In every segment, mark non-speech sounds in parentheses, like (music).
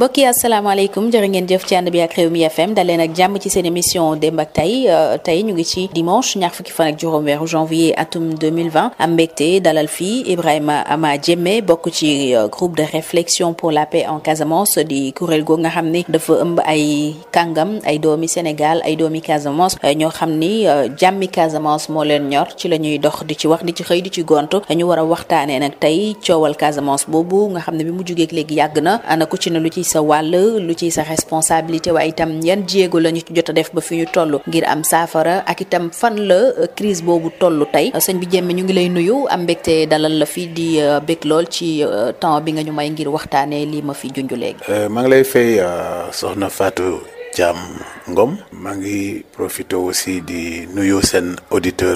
mbokk yi asalaamaaleykum jërë ngeen jëf ci ànd bi ak Rewmi FM dal leen jàmm ci seen émission démb ak tey euh, tey ñu ngi ci dimanche ñaar fukki fan ak juróom weeru janvier atum 2020 am mbégte dalal fii Ibrahima amaa Diémé bokk ci euh, groupe de réflexion pour la paix en Casamance di kuréel googu nga xam ne dafa ëmb ay kàngam ay doomi Sénégal ay doomi Casamance euh, ñoo xam ni jàmmi Casamance moo leen ñor ci la ñuy dox di ci wax di ci xëy di ci gont ñu war a waxtaanee nag tey coowal Casamance boobu nga xam ne bi mu léegi yàgg na sa wàll lu ciy sa responsabilité waaye itam yan jéego la ñu ci jot a def ba fi ñu toll ngir am saafara ak itam fan la crise boobu toll tey sëñ bi Jemme ñu ngi lay nuyu am mbégte dalal la fii di euh, bég lool ci euh, temps bi nga ñu may ngir waxtaanee lii ma fi junj léegi. Euh, maa ngi lay fay soxna Fatou. Thiam Ngom maa ngi profité aussi di nuyu seen auditeur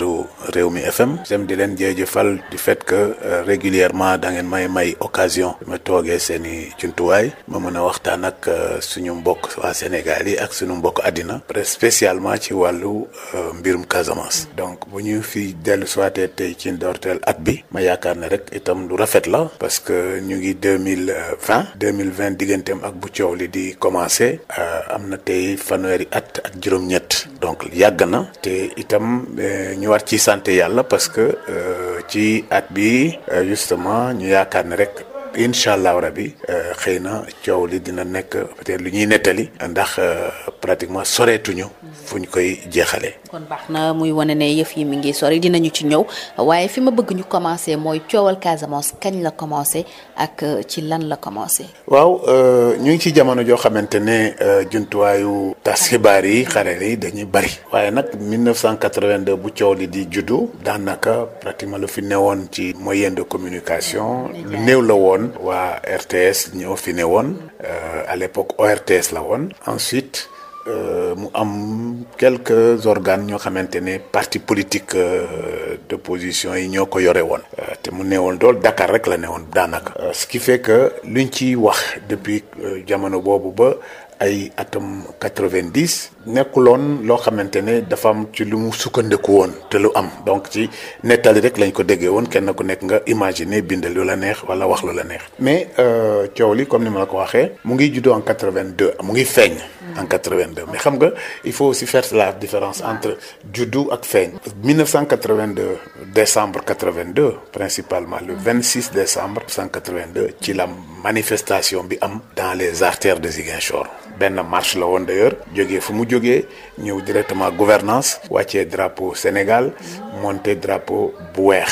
réew mi FM jëm di leen jéejëfal di fait que euh, régulièrement da ngeen may may occasion ma toogee seen i jumtuwaay ma mën a waxtaan ak euh, suñu mbokk waa Sénégal yi ak suñu mbokk àddina presque spécialement ci wàllu euh, mbirum Casamance donc bu ñu fi dellu soité tey ci ndorteel at bi ma yaakaar ne rek itam lu rafet la parce que ñu ngi 2020 2020 digganteem ak bu coow li di commencé am na te fanweeri at ak juróom-ñett donc yàgg na te itam euh, ñu war ci sant yàlla parce que euh, ci at bi euh, justement ñu yaakaar ne rek incha allahu rabi euh, xëy na coow li dina nekk peut lu ñuy nettali ndax euh, pratiquement soreetuñu fu ñu koy jeexalee. kon baax na muy wane ne yëf yi mi ngi sori dinañu ci ñëw waaye fi ma bëgg ñu commencé mooy coowal Casamance kañ la commencé ak euh, ci lan la commencé. waaw ñu ngi ci jamono joo xamante ne jumtuwaayu tas xibaar yi xare yi dañuy bari waaye nag 1982 bu coow li di juddu daanaka pratiquement lu fi newoon ci moyen de communication lu néew la woon. woon waa RTS ñoo fi ne woon euh, à l'époque ORTS la woon ensuite euh, mu am quelques organes ñoo xamante ne parti politique euh, d'opposition yi ñoo ko yore woon te mu ne dool Dakar rek la ne woon daanaka ce qui fait que luñ ciy wax depuis jamono boobu ba ay atam 90 nekkuloon loo xamante ne dafa am ci lu mu sukkandiku woon te lu am donc ci nettali rek lañ ko déggee woon kenn ku nekk nga imaginer bindal lu la neex wala wax lu la neex. mais euh, coow li comme ni ma la ko waxee mu ngi juddoo en 82 mu ngi feeñ. en mais xam nga il faut aussi faire la différence entre juddu ak feeñ. 1982 décembre 82 principalement le 26 décembre 1982 ci la manifestation bi am dans les artères de Ziguinchor. benn marche la woon d'ailleurs jógee fu mu jógee ñëw directement gouvernance wàcce drapeau Sénégal monter drapeau bu weex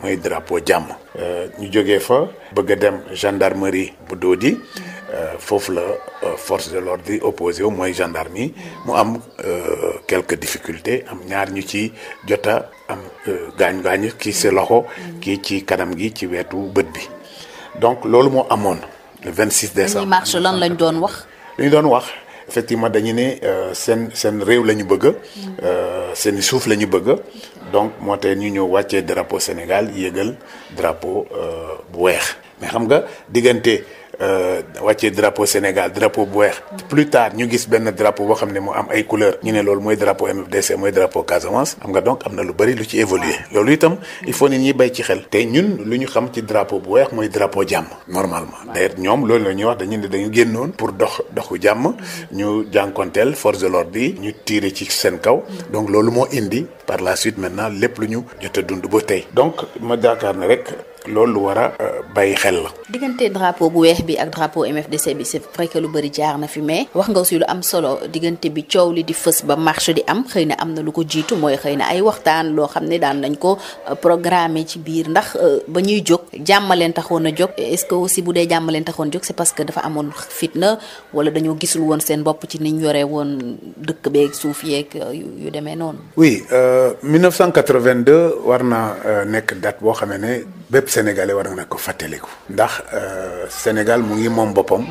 mooy drapeau jàmm. Euh, ñu jóge fa bëgg a dem gendarmerie bu Dodi euh, foofu la euh, force de l'ordre di wu mooy gendarmerie mu am quelques difficultés am ñaar ñu ci jota am gaañu gaañu kii si loxo kii ci kanam gi ci weetu bët bi donc loolu moo amoon le 26 décembre. marche lan lañ doon wax. li doon wax effectivement dañu ne euh, seen seen réew la ñu bëgg. Euh, seen suuf la ñu bëgg. donc moo tax ñu ñëw wàccee drapeau Sénégal yéegal drapeau euh, bu weex mais xam nga diggante. Euh, wàccee drapeau Sénégal drapeau bu weex. plus tard ñu gis benn drapeau boo xam ne mu am ay couleur ñu ne loolu mooy drapeau MFDC mooy drapeau Casamance am nga donc am na lu bari lu ci évoluer loolu itam il faut nit ñi bay ci xel. te ñun lu ñu xam ci drapeau bu weex mooy drapeau jàmm normalement d'ailleurs ñoom loolu la ñuy wax dañu ne dañu génnoon pour dox doxu jàmm ñu jànkonteel force de l'ordre ñu tiire ci seen kaw donc loolu moo indi par la suite maintenant lépp lu ñu jot dund ba tey donc ma jaakaar ne rek loolu lu war a euh, bàyyi xel la. diggante drapeau bu weex bi ak drapeau MFDC bi c'est vrai que lu bari jaar na fi mais wax nga aussi lu am solo diggante bi coow li di fës ba marche di am xëy na am na lu ko jiitu mooy xëy na ay waxtaan loo xam ne daan nañ ko euh, programmer ci biir ndax euh, ba ñuy jóg jàmmaleen leen taxoon a jóg est-ce que aussi bu dee jàmmaleen leen taxoon jóg c'est parce que dafa amoon fitna wala dañoo gisul woon seen bopp ci niñ yore woon dëkk beeg suuf yeeg y demee noonu. oui 1982 war na nekk date boo xam ne bépp sénégalais war na ko fàttaliku. ndax euh, Sénégal mu ngi moom boppam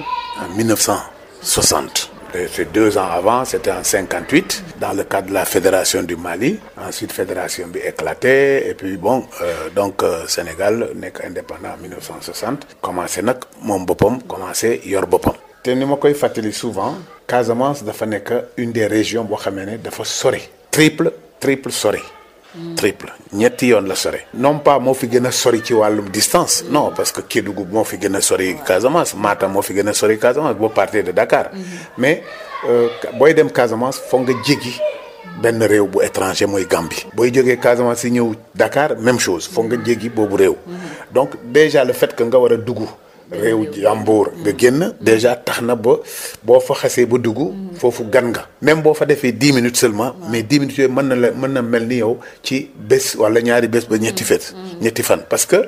en 1960. c'est deux ans avant c'était en 58 dans le cadre de la fédération du Mali ensuite fédération bi éclaté et puis bon euh, donc euh, Sénégal nekk indépendant en 1960 commencé nag moom boppam commencé yor boppam te ni ma koy fàttali souvent Casamance dafa nekk une des régions boo xamee ne dafa sori triple triple sori triple ñetti yoon la sore non pas moo fi gën a sori ci wàllum distance mm-hmm. non parce que Kédougou moo fi gën a sori Casamance Matam moo fi gën a sori Casamance boo partee de Dakar mm-hmm. mais euh, booy dem Casamance foog nga jéggi benn réew bu étranger mooy gambi booy jógee Casamance si ñëw Dakar même chose foog nga mm-hmm. jéggi boobu réew donc déjà le fait que nga war a dugg réew jàmbur nga mm. génn déjà tax na ba boo fa xasee ba dugg mm. foofu gan nga même boo fa defee dix minutes seulement mais dix minutes yooyu mën na la mën na mel ni yow ci bés wala ñaari bés ba ñetti mm. fet ñetti fan parce que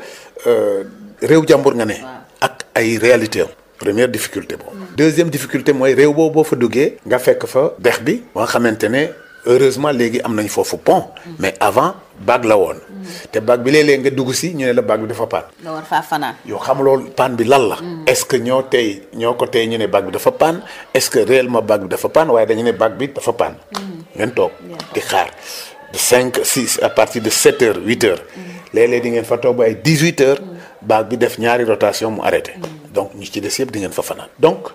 euh, réew jàmbur nga ne ak ay réalité am première difficulté boobu deuxième difficulté mooy réew boobu boo fa duggee nga fekk fa dex bi ba nga xamante ne heureusement léegi am nañ foofu pont. mais avant baag la woon. te baag bi léeg-léeg nga dugg si ñu ne la baag bi dafa paan. nga war faa fanaan. yow xam loolu paan bi lan la. Mm. est-ce que ñoo tey ñoo ko tey ñu ne baag bi dafa paan est-ce que réellement baag dafa paan waaye dañu ne baag bi dafa paan. Mm. ngeen toog di xaar de 5 6 à partir de 7 heures huit heures. Mm. léeg-léeg di ngeen fa toog ba ay 18 heures. baag bi def ñaari rotation mu arrêté. donc ñu ci des yëpp di ngeen fa fanaan. donc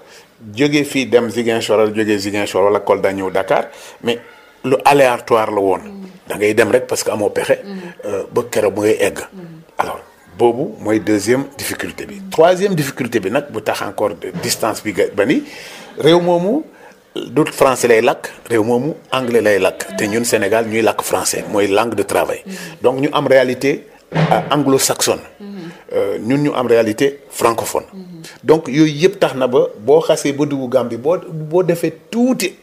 jóge fii dem Ziguinchor wala jógee Ziguinchor wala Kolda ñëw Dakar mais. lu aléatoire la woon. da ngay dem rek parce que amoo pexe. Euh, ba keroog mu ngay egg. alors boobu mooy deuxième difficulté bi. troisième difficulté bi nag bu tax encore distance bi ba ni réew moomu du français lay lakk réew moomu anglais lay lakk te ñun Sénégal ñuy lakk francais mooy langue de travail. donc ñu am réalité euh, anglo-saxonne. Euh, ñun ñu am réalité francophone. donc yooyu yëpp tax na ba boo xasee ba dugg Gambie boo boo defee tuuti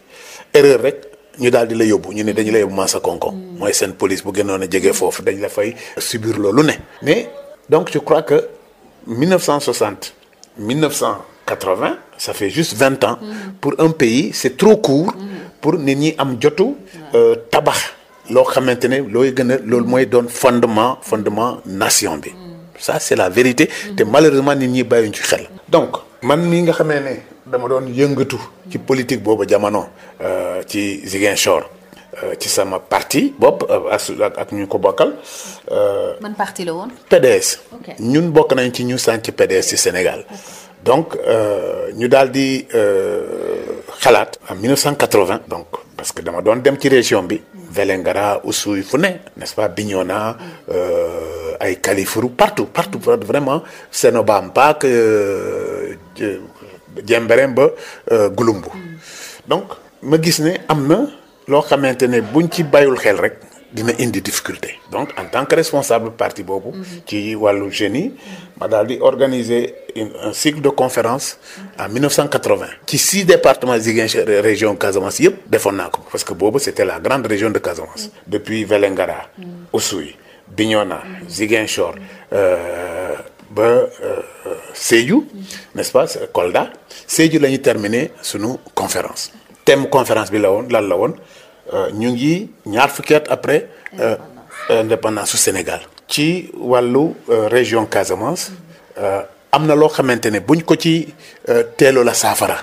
erreur rek. ñu daal di la yóbbu ñu ne dañu la yóbbu Mansa Konko mooy seen police bu gënoon a jege foofu dañ la fay subir loolu ne mais donc je crois que 1960 1980 ça fait juste vingt ans mm-hmm. pour un pays c'est trop court mm-hmm. pour nit ñi am jotu euh, tabax loo xamante ne looy gën a loolu mooy doon fondement fondement nation bi mm. ça c'est la vérité mm-hmm. te malheureusement nit ñi bàyyiñ ci xel donc man mii nga xamee ne dama doon yëngatu ci politique boobu jamono euh, ci Ziguinchor euh, ci sama parti bopp euh, ak ñu ko bokkal. man parti woon. PDS. ñun bokk nañ ci ñu sànc PDS ci Sénégal. donc ñu daal di xalaat. en 1980. donc parce que dama doon dem ci région bi. Vélingara Oussouye fu ne. n'est-ce pas Bignona. ay Kalifourou partout partout vraiment Sénobam Mpaak. Jembereen ba euh, Gulumbu mm. donc ma gis ni am na loo xamante ne buñ ci bayul xel rek dina indi difficulté donc en tant que responsable parti boobu mm-hmm. ci wàllu jeunes yi mm-hmm. ma daal di organiser un cycle de conférence mm-hmm. en 1980 ci six départements Ziguinchor euh, région Casamance yëpp defoon naa ko parce que boobu c'était la grande région de Casamance depuis Vélingara Oussouye Bignona Ziguinchor euh, ba euh, Sédhiou n'est-ce pas Kolda Sédhiou la ñu terminé sunu conférence thème conférence bi la woon lan la woon euh, ñu ngi ñaar fukki at après euh, indépendance su Sénégal ci wàllu région Casamance am na loo xamante ne buñ ko ci teeloo la saafara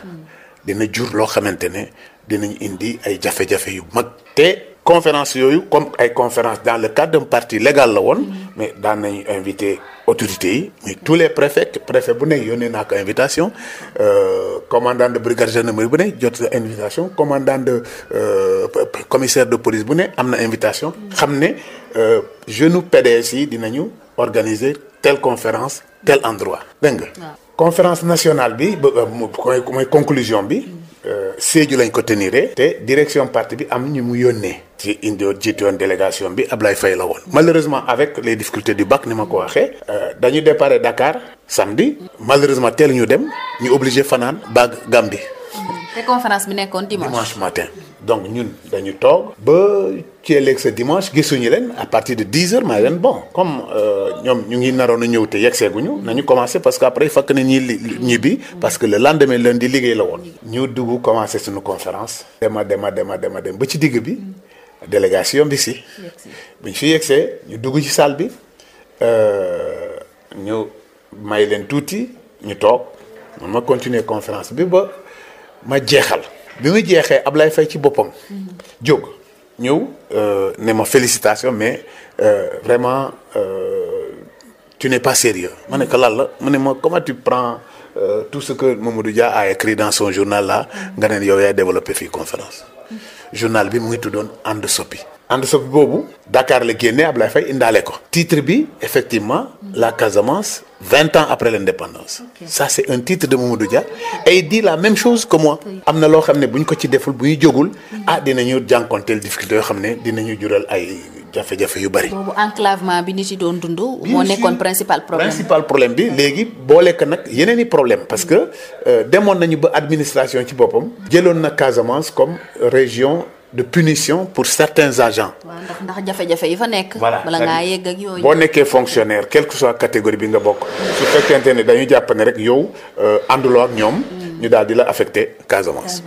dina jur loo xamante ne dinañu indi ay jafe-jafe yu mag te conférence yooyu comme ay conférence dans le cadre d'un parti légal la woon mais daan nañu invité autorités yi mais tous les préfets préfet bu nekk yónnee naa ko invitation euh, commandant de brigade gendarmerie bu nekk jot na invitation commandant de euh, commissaire de police bu ne am na invitation xam ne euh, jeune PDS yi dinañu organiser tel conférence tel endroit dégg nga conférence nationale bi mooy conclusion bi Euh, Sédhiou lañ ko teniree. te direction parti bi am ñu mu yónnee. ci indi jiitu woon délégation bi ab lay Faye la woon. malheureusement avec les difficultés du bac ni ma ko waxee. Euh, dañu départ Dakar samedi. malheureusement teel ñu dem ñu obligé fanaan baag Gambie. Mm. te conférence bi nekkoon dimanche dimanche matin. donc ñun dañu toog ba ceeleeg sa dimanche gisuñu leen à partir de 10 heures maa leen bon comme euh, ñoom ñu ngi naroon a ñëw te yegseeguñu nañu commencé parce que après fakk na ñi ñibbi parce que le lendemain lundi liggéey la woon ñu dugg commencé suñu conférence dema dema dema dema dem ba ci digg bi délégation bi si buñ fi yegsee ñu dugg ci salle bi euh, ñu may leen tuuti ñu toog man ma continuer conférence bi ba ma jeexal bi muy jeexee ab lay fay ci boppam. Mm-hmm. jóg ñëw euh, ne ma félicitation mais euh, vraiment euh, tu n'es pas sérieux ma ne ko lan la mu ne ma comment tu prends tout ce que Mamadou Dia a écrit dans son journal là mm-hmm. nga ne yow yaay développé fii conférence mm-hmm. journal bi mu ngi tuddoon ànd soppi. ànd sa boobu Dakar la génnee Ablaye Faye indaale ko titre bi effectivement la Casamance vingt ans après l'indépendance okay. ça c'est un titre de Mamadou Dia et il dit la même chose que am na loo xam ne bu ñu ko ci deful bu ñu jógul ah dinañu jànkonteel difficulté yoo xam ne dina dinañu jural ay jafe-jafe yu bari. boobu enclavement bi ni ci doon dund. moo nekkoon principal problème principal problème bi léegi boole ko nag yeneen i problème parce que euh, demoon nañu ba administration ci boppam. jëloon na Casamance comme région. de punition pour certains agents. waaw yi fa nekk. voilà bala ngaa boo nekkee fonctionnaire quelle que soit catégorie bi nga bokk. su fekkente ne dañu jàppane rek yow euh, ànduloo ak ñoom. Hmm. ñu daal di la affecté Casamance.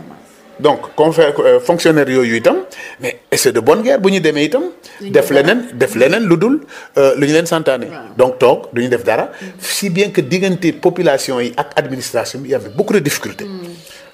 donc comme euh, fonctionnaire yooyu itam mais c'est de bonne guerre bu ñu demee itam. def leneen def leneen lu dul euh, lu ñu leen santaane. donc toog du ñu def dara. si bien que diggante population yi ak administration bi y avait beaucoup de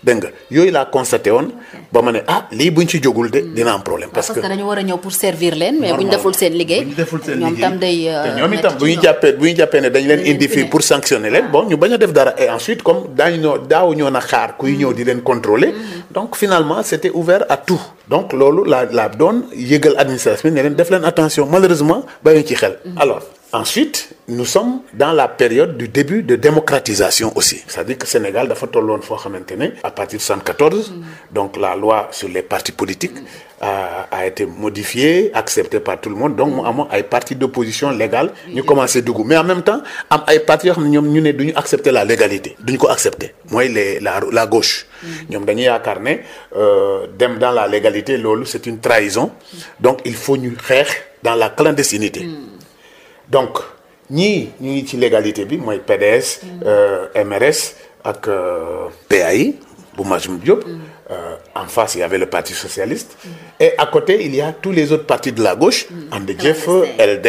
dégg nga yooyu laa constaté woon ba ma ne ah lii buñ ci jógul de hmm. dina am problème. parce que dañu war ñëw pour servir leen. mais buñ deful seen liggéey. deful seen liggéey euh, ñoom itam bu ñu jàppee bu ñu jàppee ne dañ leen indi fii pour sanctionner leen hmm. bon ñu bañ a def dara et ensuite comme daañu ñoo daaw ñoo na xaar kuy ñëw hmm. di leen contrôler donc finalement c' était ouvert à tout. donc loolu laa laa doon yëgal administration bi ne leen def leen attention malheureusement bàyyi ci xel alors. ensuite nous sommes dans la période du début de démocratisation aussi c'est-à-dire que Sénégal dafa tolloon foo xamante ne à partir de 74 mm. donc la loi sur les partis politiques mm. a, a été modifiée acceptée par tout le monde donc mu mm. amoon ay partis d'opposition légale ñu commencé dugg mais en même temps am ay partis ñoom ñu ne duñu accepter la légalité duñu ko accepter mooy les la la gauche ñoom dañuy yaakaar ne euh, dem dans la légalité loolu c'est une trahison donc il faut ñu xeex dans la clandestinité donc ñii ñu ngi ci légalité bi mooy PDS. Euh, MRS ak euh, PAI bu Majum Diop. Euh, en face il y avait le parti socialiste. et à côté il y a tous les autres partis de la gauche. And Jëf LD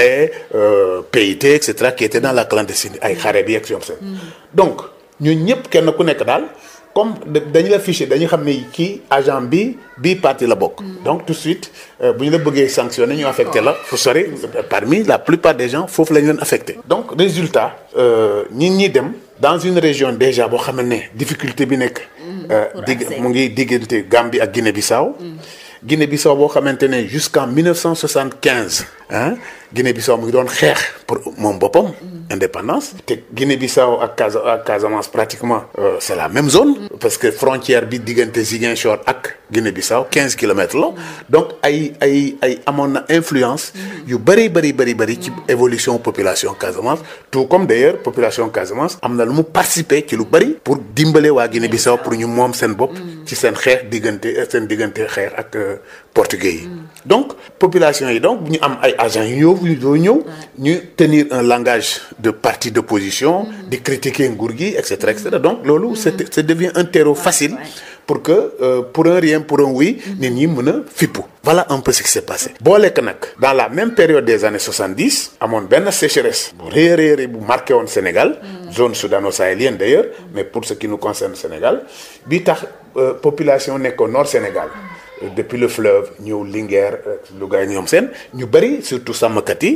PIT et cetera qui étaient dans la clandestinité ay xare bi ak ñoom seen. Mm. donc ñun ñëpp kenn ku nekk daal. comme dañu la fiché dañu xam ne kii agent bi bii parti la bokk. Mm. donc tout de suite euh, bu ñu la bëggee sanctionné ñu affecté la fu sori parmi la plupart des gens foofu la ñu leen affecté. donc résultat euh, ñi ñi dem dans une région déjà boo xam ne difficulté bi nekk. Mm, euh, digg mu ngi diggante Gambie ak Guinée-Bissau. Mm. Guinée-Bissau boo xamante ne jusqu'en 1975. ah Guinée-Bissau mu ngi doon xeex pour moom boppam. indépendance te Guinée-Bissau ak Casa ak Casamance pratiquement. Euh, c'est la même zone. parce que frontière bi diggante Ziguinchor ak Guinée-Bissau quinze kilomètres la donc ay ay ay amoon na influence. yu bëri bëri bëri bëri ci évolution population Casamance tout comme d'ailleurs population Casamance am na lu mu participer ci lu bari pour dimbale waa Guinée-Bissau pour ñu moom seen bopp. ci seen xeex diggante seen diggante xeex ak euh, portugais yi. donc population yi donc ñu am ay agents yu ñëw ñëw. ñu tenir un langage de parti d'opposition. Mm-hmm. di critiquer nguur gi et cetera donc mm-hmm. loolu c'est ça mm-hmm. devient un terreau facile. pour que euh, pour un rien pour un oui nit ñi mën a fippu. voilà un peu ce qui s'est passé. boo lekk nag dans la même période des années 70 amoon benn sécheresse bu rëy a bu marqué woon Sénégal. zone soudano-sahélienne d'ailleurs mais pour ce qui nous concerne Sénégal bi tax euh, population nekkoon nord Sénégal. depuis le fleuve ñëw Linguère euh, Louga ñoom seen ñu bëri surtout sàmmkat yi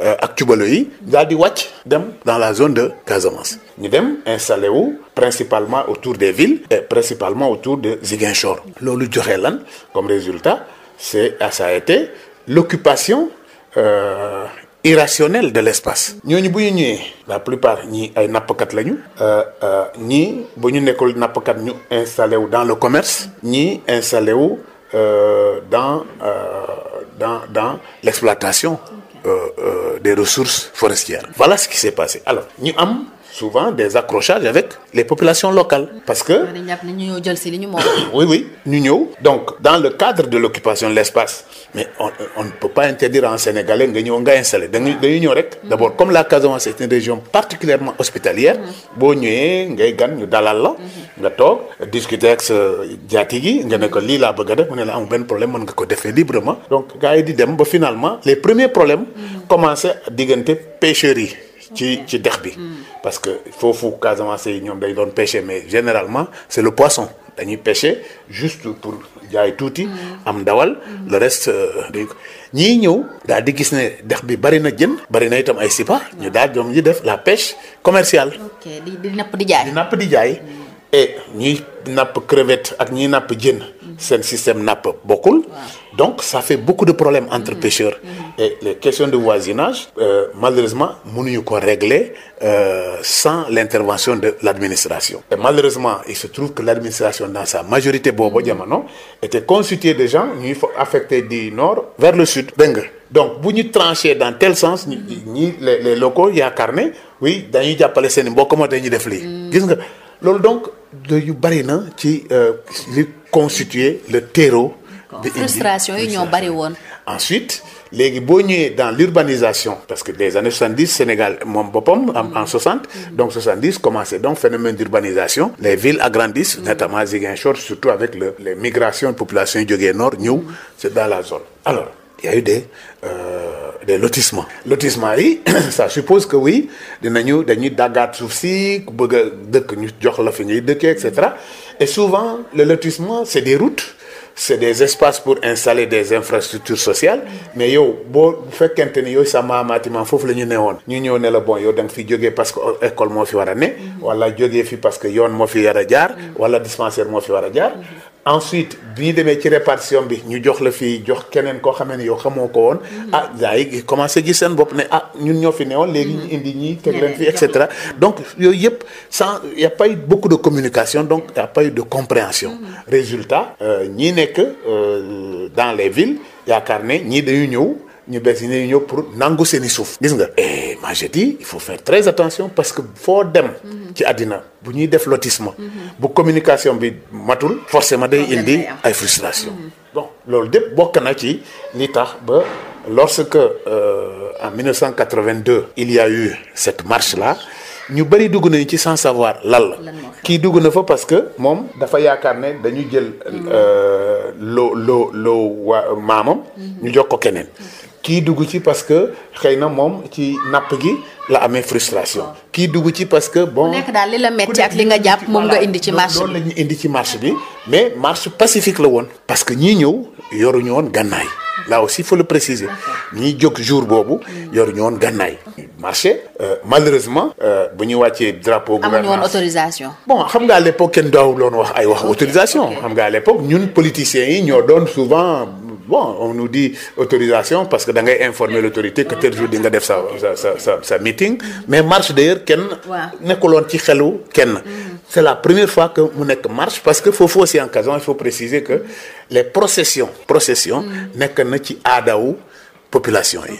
euh, ak cubalo yi daal di wàcc dem dans la zone de Casamance ñu dem installé wu principalement autour des villes et principalement autour de Ziguinchor loolu joxe lan comme résultat c'est ah, ça a été l'occupation euh, irrationnel de l'espace. ñooñu bu ñu ñëwee la plupart ñii ay nappkat lañu. Euh, ñi bu ñu nekkul nappkat ñu installé wu dans le commerce. ñi installé wu. euh, dans, euh, dans, dans l'exploitation euh, euh, des ressources forestières. Voilà ce qui s'est passé. Alors, nous avons souvent des accrochages avec les populations locales. parce que. ñu ñëw ñu moom. (coughs) oui oui donc dans le cadre de l'occupation de l'espace mais on on ne peut pas interdire en sénégalais nga ñëw nga installé dañuy dañuy ñëw rek. d'abord comme la Casamance c'est une région particulièrement hospitalière. boo ñëwee ngay gan ñu dalal la. nga toog discuter ak sa jaatigi nga ne ko lii laa bëgg a def mu ne la amul benn problème mën nga ko defee librement. donc gars yi di dem ba finalement les premiers problèmes. commencé diggante pêcherie. ci ci dex bi. Mm. parce que foofu Casamance yi ñoom day doon pêcher mais généralement c'est le poisson dañuy péché juste pour jaay tuuti. Mm. am dawal mm. le reste euh, ñi ñëw daal di gis ne dex bi bari na jën. bari na itam ay sipa ñu daal ñoom ñu def la pêche commerciale. ok di di jaay di napp di jaay. et ñuy napp crevette ak ñuy napp jën seen système napp bokkul donc ça fait beaucoup de problèmes entre mm-hmm. pêcheurs mm-hmm. et les questions de voisinage euh, malheureusement mënuñu ko régler euh, sans l'intervention de l'administration et malheureusement il se trouve que l'administration dans sa majorité boobu mm-hmm. jamono était constituée de gens ñuy affectés du nord vers le sud dégg nga donc bu ñu tranché dans tel sens ñi les locaux yaakaar ne oui dañuy jàppale seen i mbokk moo dañuy def lii gis nga loolu donc yu bari na ci euh, li constituer le terreau. bi indi frustration yi ñoo bari woon. ensuite léegi boo ñëwee dans l'urbanisation parce que des années 70 Sénégal moom boppam am mm-hmm. en 60 donc 70 commencé donc phénomène d'urbanisation les villes agrandissent mm-hmm. notamment Ziguinchor surtout avec le les migrations population yi jógee nord ñëw mm-hmm. c'est dans la zone alors il y a eu des euh, des lotissements. lotissement yi (coughs) ça suppose que oui dinañu dañuy daggaat suuf si bëgg a dëkk ñu jox la fi ngay dëkkee et cetera et souvent le lotissement c'est des routes c'est des espaces pour installer des infrastructures sociales mais yow boo bu fekkente ni yooyu sa maamaatimaam foofu la ñu newoon ñu ñëw ne la bon yow da nga fi jógee parce que école moo fi war a ne wala jógee fi parce que yoon moo fi war a jaar wala dispensaire moo fi war a jaar ensuite bi ñu demee ci répartition bi ñu jox la fi jox keneen koo xamee ne yow xamoo ko woon mm. ah gars gi commencé gis seen bopp ne ah ñun ñoo fi newoon léegi ñu indi ñi teg leen fi et cetera donc yooyu yëpp sans y a beaucoup de communication donc y a de compréhension mm. résultat euh, ñii nekk euh, dans les villes yaakaar ne ñii dañu ñëw ñu bees yi ñëw pour nangu seeni suuf. gis nga et eh, moi je il faut faire très attention parce que foo dem. ci àddina bu ñuy def lotissement. bu communication bi matul. forcé ma day indi ay frustration loolu lépp bokk na ci ni tax ba lorsque euh, en 1982. il y a eu cette marche là. ñu bëri dugg nañu ci sans savoir lan la kii dugg na fa parce que moom dafa yaakaar ne dañu jël mm. euh, loo loo loo maamam mm-hmm. ñu jox ko keneen mm-hmm. kii dugg ci parce que xëy na moom ci napp gi la amee frustration kii dugg ci parce que bon. nekk daal li la metti ak li nga jàpp moom nga indi ci marché bi la ñu indi ci marché bi mais marché pacifique la woon. parce que ñii ñëw yoruñu woon gànnaay. là aussi faut le préciser ñiy jóg jour boobu yoruñu woon gànnaay. marché euh, malheureusement. Euh, bu ñuy wàccee drapeau. gouvernement amuñu woon bon xam nga à l'époque kenn daawuloon wax ay wax autorisation. xam nga l'époque ñun politiciens yi ñoo doon souvent. bon on nous dit autorisation parce que da ngay informer l'autorité que tel jour di nga def sa sa sa sa meeting mais marche d'ailleurs kenn nekkuloon ci xelu kenn mm. c'est la première fois que mu nekk marche parce que foofu aussi en Casamance il faut préciser que les processions processions mm. nekk na ci aadawu population yi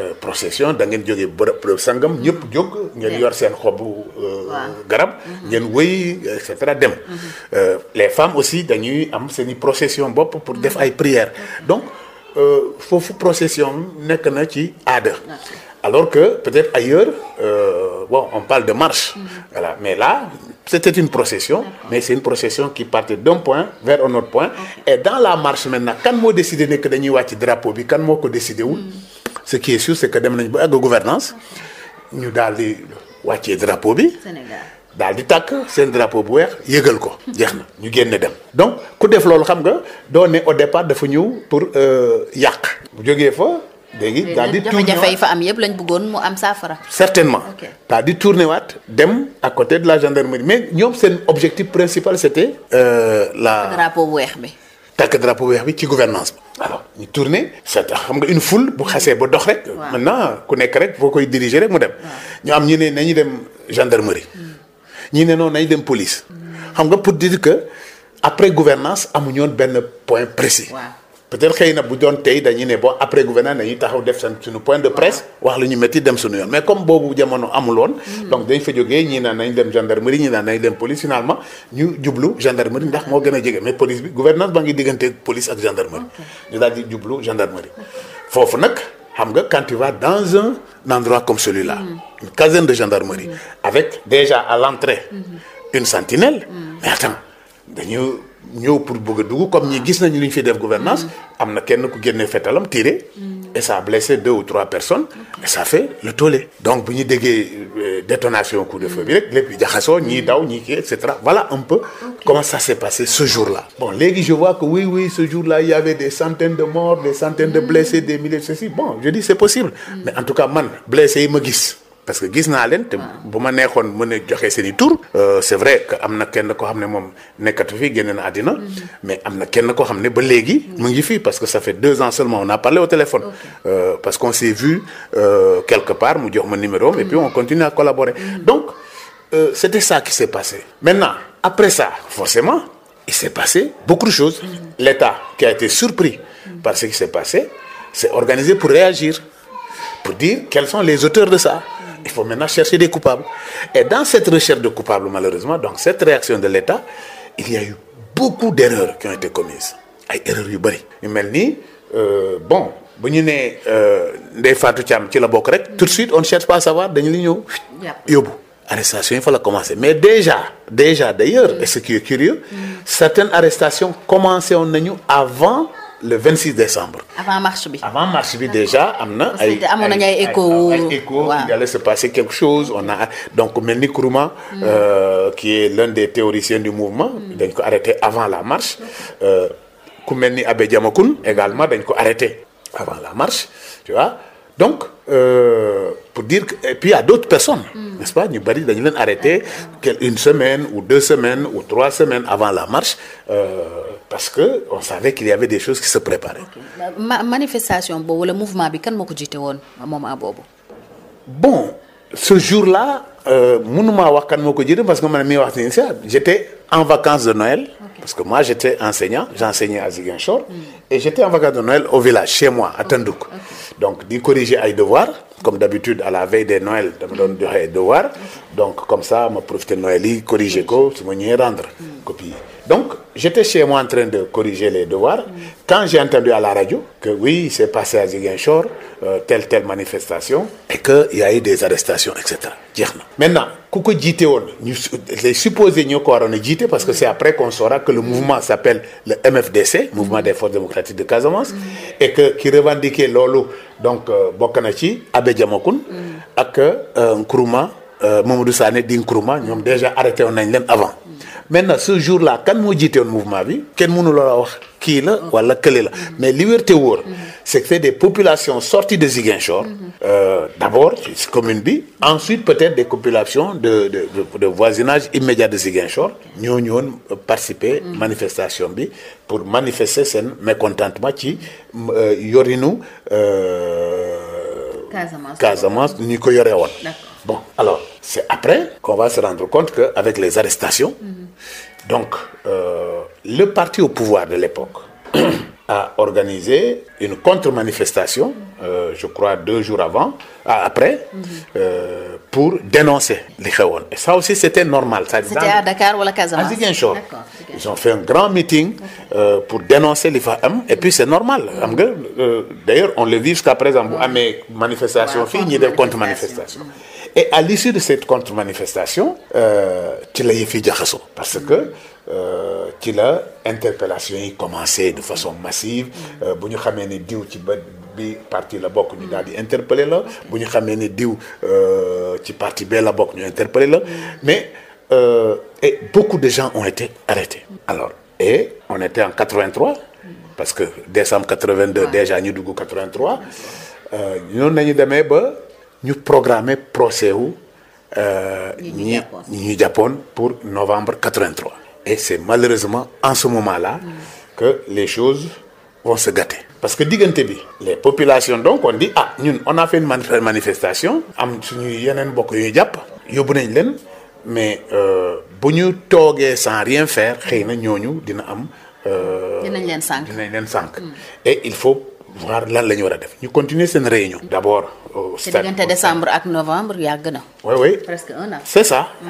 Euh, procession da ngeen jógee bërëb sangam ñëpp jóg ngeen yor seen xobu euh, garab mhm. ngeen wëy et cetera dem mhm. euh, les femmes aussi dañuy am seen i procession bopp pour def mhm. ay prières donc foofu procession nekk na ci aada alors que peut-être ailleurs euh, bon on parle de marche mmh. voilà mais là c'était une procession mais c'est une procession qui partait d'un point vers un autre point et dans la marche na kan moo décidé nekk dañuy wàcc drapeau bi kan moo ko décidé wul ce qui est sûr c'est que dem nañ ba àgg gouvernance ñu daal di wàccee drapeau bi. daal di takk seen drapeau bu weex yëgal ko. jeex na ñu génne dem. donc ku def loolu xam nga doo ne au depart dafa ñëw pour euh, yàq. bu jógee fa. léegi daal di tourné waat jafe am yëpp lañ bëggoon mu am saafara. certainement daal di tourné waat dem à côté de la gendarmerie mais ñoom seen objectif principal c' était. Euh, la drapeau bu weex bi. takk drapeau weex bi ci gouvernance ba alors ñu tourné xam nga une foule bu xasee ba dox rek maintenant ku nekk rek foo koy diriger rek mu dem ñu am ñu ne nañu dem gendarmerie hmm. ñi ne noonu nañu dem police hmm. xam nga pour dire que après gouvernance amuñoon benn point précis peut-être xëy na bu doon tey dañuy ne bon après gouvernance dañuy taxaw def seen suñu point de presse wax lu ñu métti dem suñu yoon mais comme boobu jamono amuloon hmm. donc dañ fa jógee ñii naan nañ dem gendarmerie ñii naan nañ dem police finalement ñu jublu gendarmerie ndax moo gën a jege mais police bi gouvernance ba ngi diggante police ak gendarmerie ñu daal di jublu gendarmerie foofu nag xam nga quand tu vas dans un endroit comme celui-là hmm. une caserne de gendarmerie hmm. à l'entrée une sentinelle ñëw pour bëgg a dugg comme ñi gis nañu li ni fi def gouvernance am na kenn ku génnee fetalam tiré et ça a blessé deux ou trois personnes et ça fait le tollé donc bu ñu déggee euh, détonation coup de feu bi rek lépp jaxasoo ñii daw ñii kii et cetera voilà un peu comment ça s'est passé ce jour-là bon léegi je vois que oui oui ce jour-là il y des centaines de morts des centaines de mm. blessés des milliers ceci bon je dis c'est possible mm. mais en tout cas man blessés parce que gis naa leen te ah. bu ma neexoon mën a joxe seen i euh, c'est vrai que am na kenn koo xam ne moom nekkatu fi génne na àddina mm-hmm. mais am na kenn koo xam ne ba léegi mu ngi fii parce que ça fait deux ans seulement on a parlé au téléphone okay. euh, parce qu'on s'est vu euh, quelque part mu jox ma numéro et puis mm-hmm. on continue à collaborer mm-hmm. donc euh, c'était ça qui s'est passé maintenant après ça forcément il s'est passé beaucoup de choses l'État qui a été surpris par ce qui s'est passé s'est organisé pour réagir pour dire quels sont les auteurs de ça il faut maintenant chercher des coupables. Et dans cette recherche de coupables, malheureusement, donc cette réaction de l'État, il y a eu beaucoup d'erreurs qui ont été commises. ay erreurs yu bëri. yu mel ni euh, bon bu ñu nee euh, Ndeye Fatou Thiam ci la bokk rek tout de suite on ne cherche pas à savoir dañu li ñëw. yóbbu arrestation yi fa la commencé mais déjà déjà d'ailleurs et ce qui est curieux. certaines arrestations commencé woon nañu avant. le 26 décembre. avant marche bi avant marche bi déjà am na. ay amoon nañu ay écho ay écho il allait se passer quelque chose on a donc Melni Kourouma. Hmm. Euh, qui est l'un des théoriciens du mouvement. Hmm. dañ ko arrêté avant la marche. Euh, ku mel ni Abbé Diamacoune également dañ ko arrêté avant la marche tu vois donc euh, pour dire que et puis il y a hmm. n'est-ce pas ñu bari dañ leen arrêté. une semaine ou deux semaines ou trois semaines avant la marche. Euh, parce que on savait qu'il y avait des choses qui se préparaient. manifestation boobu wala mouvement bi kan moo ko jiite woon moment boobu. bon ce jour-là euh, mënumaa wax kan moo ko jiite parce que ma mi wax si initiative j'étais en vacances de Noël. Okay. parce que moi j'étais enseignant j'enseignais à Ziguinchor. Mm. et j'étais en vacances de Noël au village chez moi à Tandouk. Okay. donc di corriger ay devoirs comme d'habitude à la veille des Noël dama doon joxe ay donc comme ça ma profité Noël yi corriger ma ñëwee Donc, j'étais chez en train de corriger les devoirs. Mmh. Quand j'ai entendu à la radio que oui, c'est passé à Ziguinchor, euh, telle, telle manifestation, et qu'il y a eu des arrestations, etc. Maintenant, Koukou Djiteon, les supposés Nyokoaron Djité, parce que c'est après qu'on saura que le mouvement s'appelle le MFDC, Mouvement des Forces démocratiques de Casamance, mmh. et que, qui revendiquait Lolo, donc euh, Bokanachi, Abedjamokoun, et que Nkruma, Euh, Mamadou Sané Dinkruma ñoom déjà arrêté woon nañ leen avant maintenant ce jour la kan moo jiite woon mouvement bi kenn mënu la wax kii la wala kële la mais li wérte wóor c'est des populations sorties de Ziguinchor euh, d'abord commune bi ensuite peut-être des populations de de de voisinage immédiat de Ziguinchor ñoo ñëwoon participer manifestation bi pour manifester seen mécontentement ci euh, yorinu euh, Casamance Casamance ni ñu ko yoree woon Bon, alors, c'est après qu'on va se rendre compte qu'avec les arrestations, mmh. donc, euh, le parti au pouvoir de l'époque (clears throat) a organisé une contre-manifestation, euh, je crois deux jours avant, ah, après, mmh. euh, pour dénoncer les Khéwon. Et ça aussi, c'était normal. C'était à Dakar ou à la Casamance Ils ont fait un grand meeting okay. euh, pour dénoncer les femmes. Et puis, c'est normal. Mmh. D'ailleurs, on le vit jusqu'à présent. Mmh. Ah, à mes manifestations, filles, il y a des contre-manifestations. et à l'issue de cette contre-manifestation euh, ci la yëf yi jaxasoo parce que euh, ci la interpellation yi commencé de façon massive euh, bu ñu xamee ni diw ci ba bi parti la bokk ñu daal di la bu ñu xamee ni diw ci parti bee la bokk ñu interpeller la mais e et beaucoup de gens ont été arrêtés alors et on était en 83 parce que décembre 82 déjà ñu dugg 83 ñoon nañu demee ba ñu programmer procès wu. Euh, ñi ñi ñu jàppoon pour novembre 83. et c'est malheureusement en ce moment-là. Mm. que les choses vont se gâter. parce que diggante bi. les populations donc on di ah ñun on a fait manifestation. am suñuy yeneen mbokk yooyu jàpp. yóbbu nañ leen mais euh, bu ñu toogee sans rien faire xëy na ñooñu dina am. Euh, dinañ leen sànq dinañ leen sànq. Mm. et il faut. war lan la ñu war a def ñu continuer seen réunion. d' abord euh, au stade te diggante décembre ak na. oui oui presque un an. c' est ça. Mm.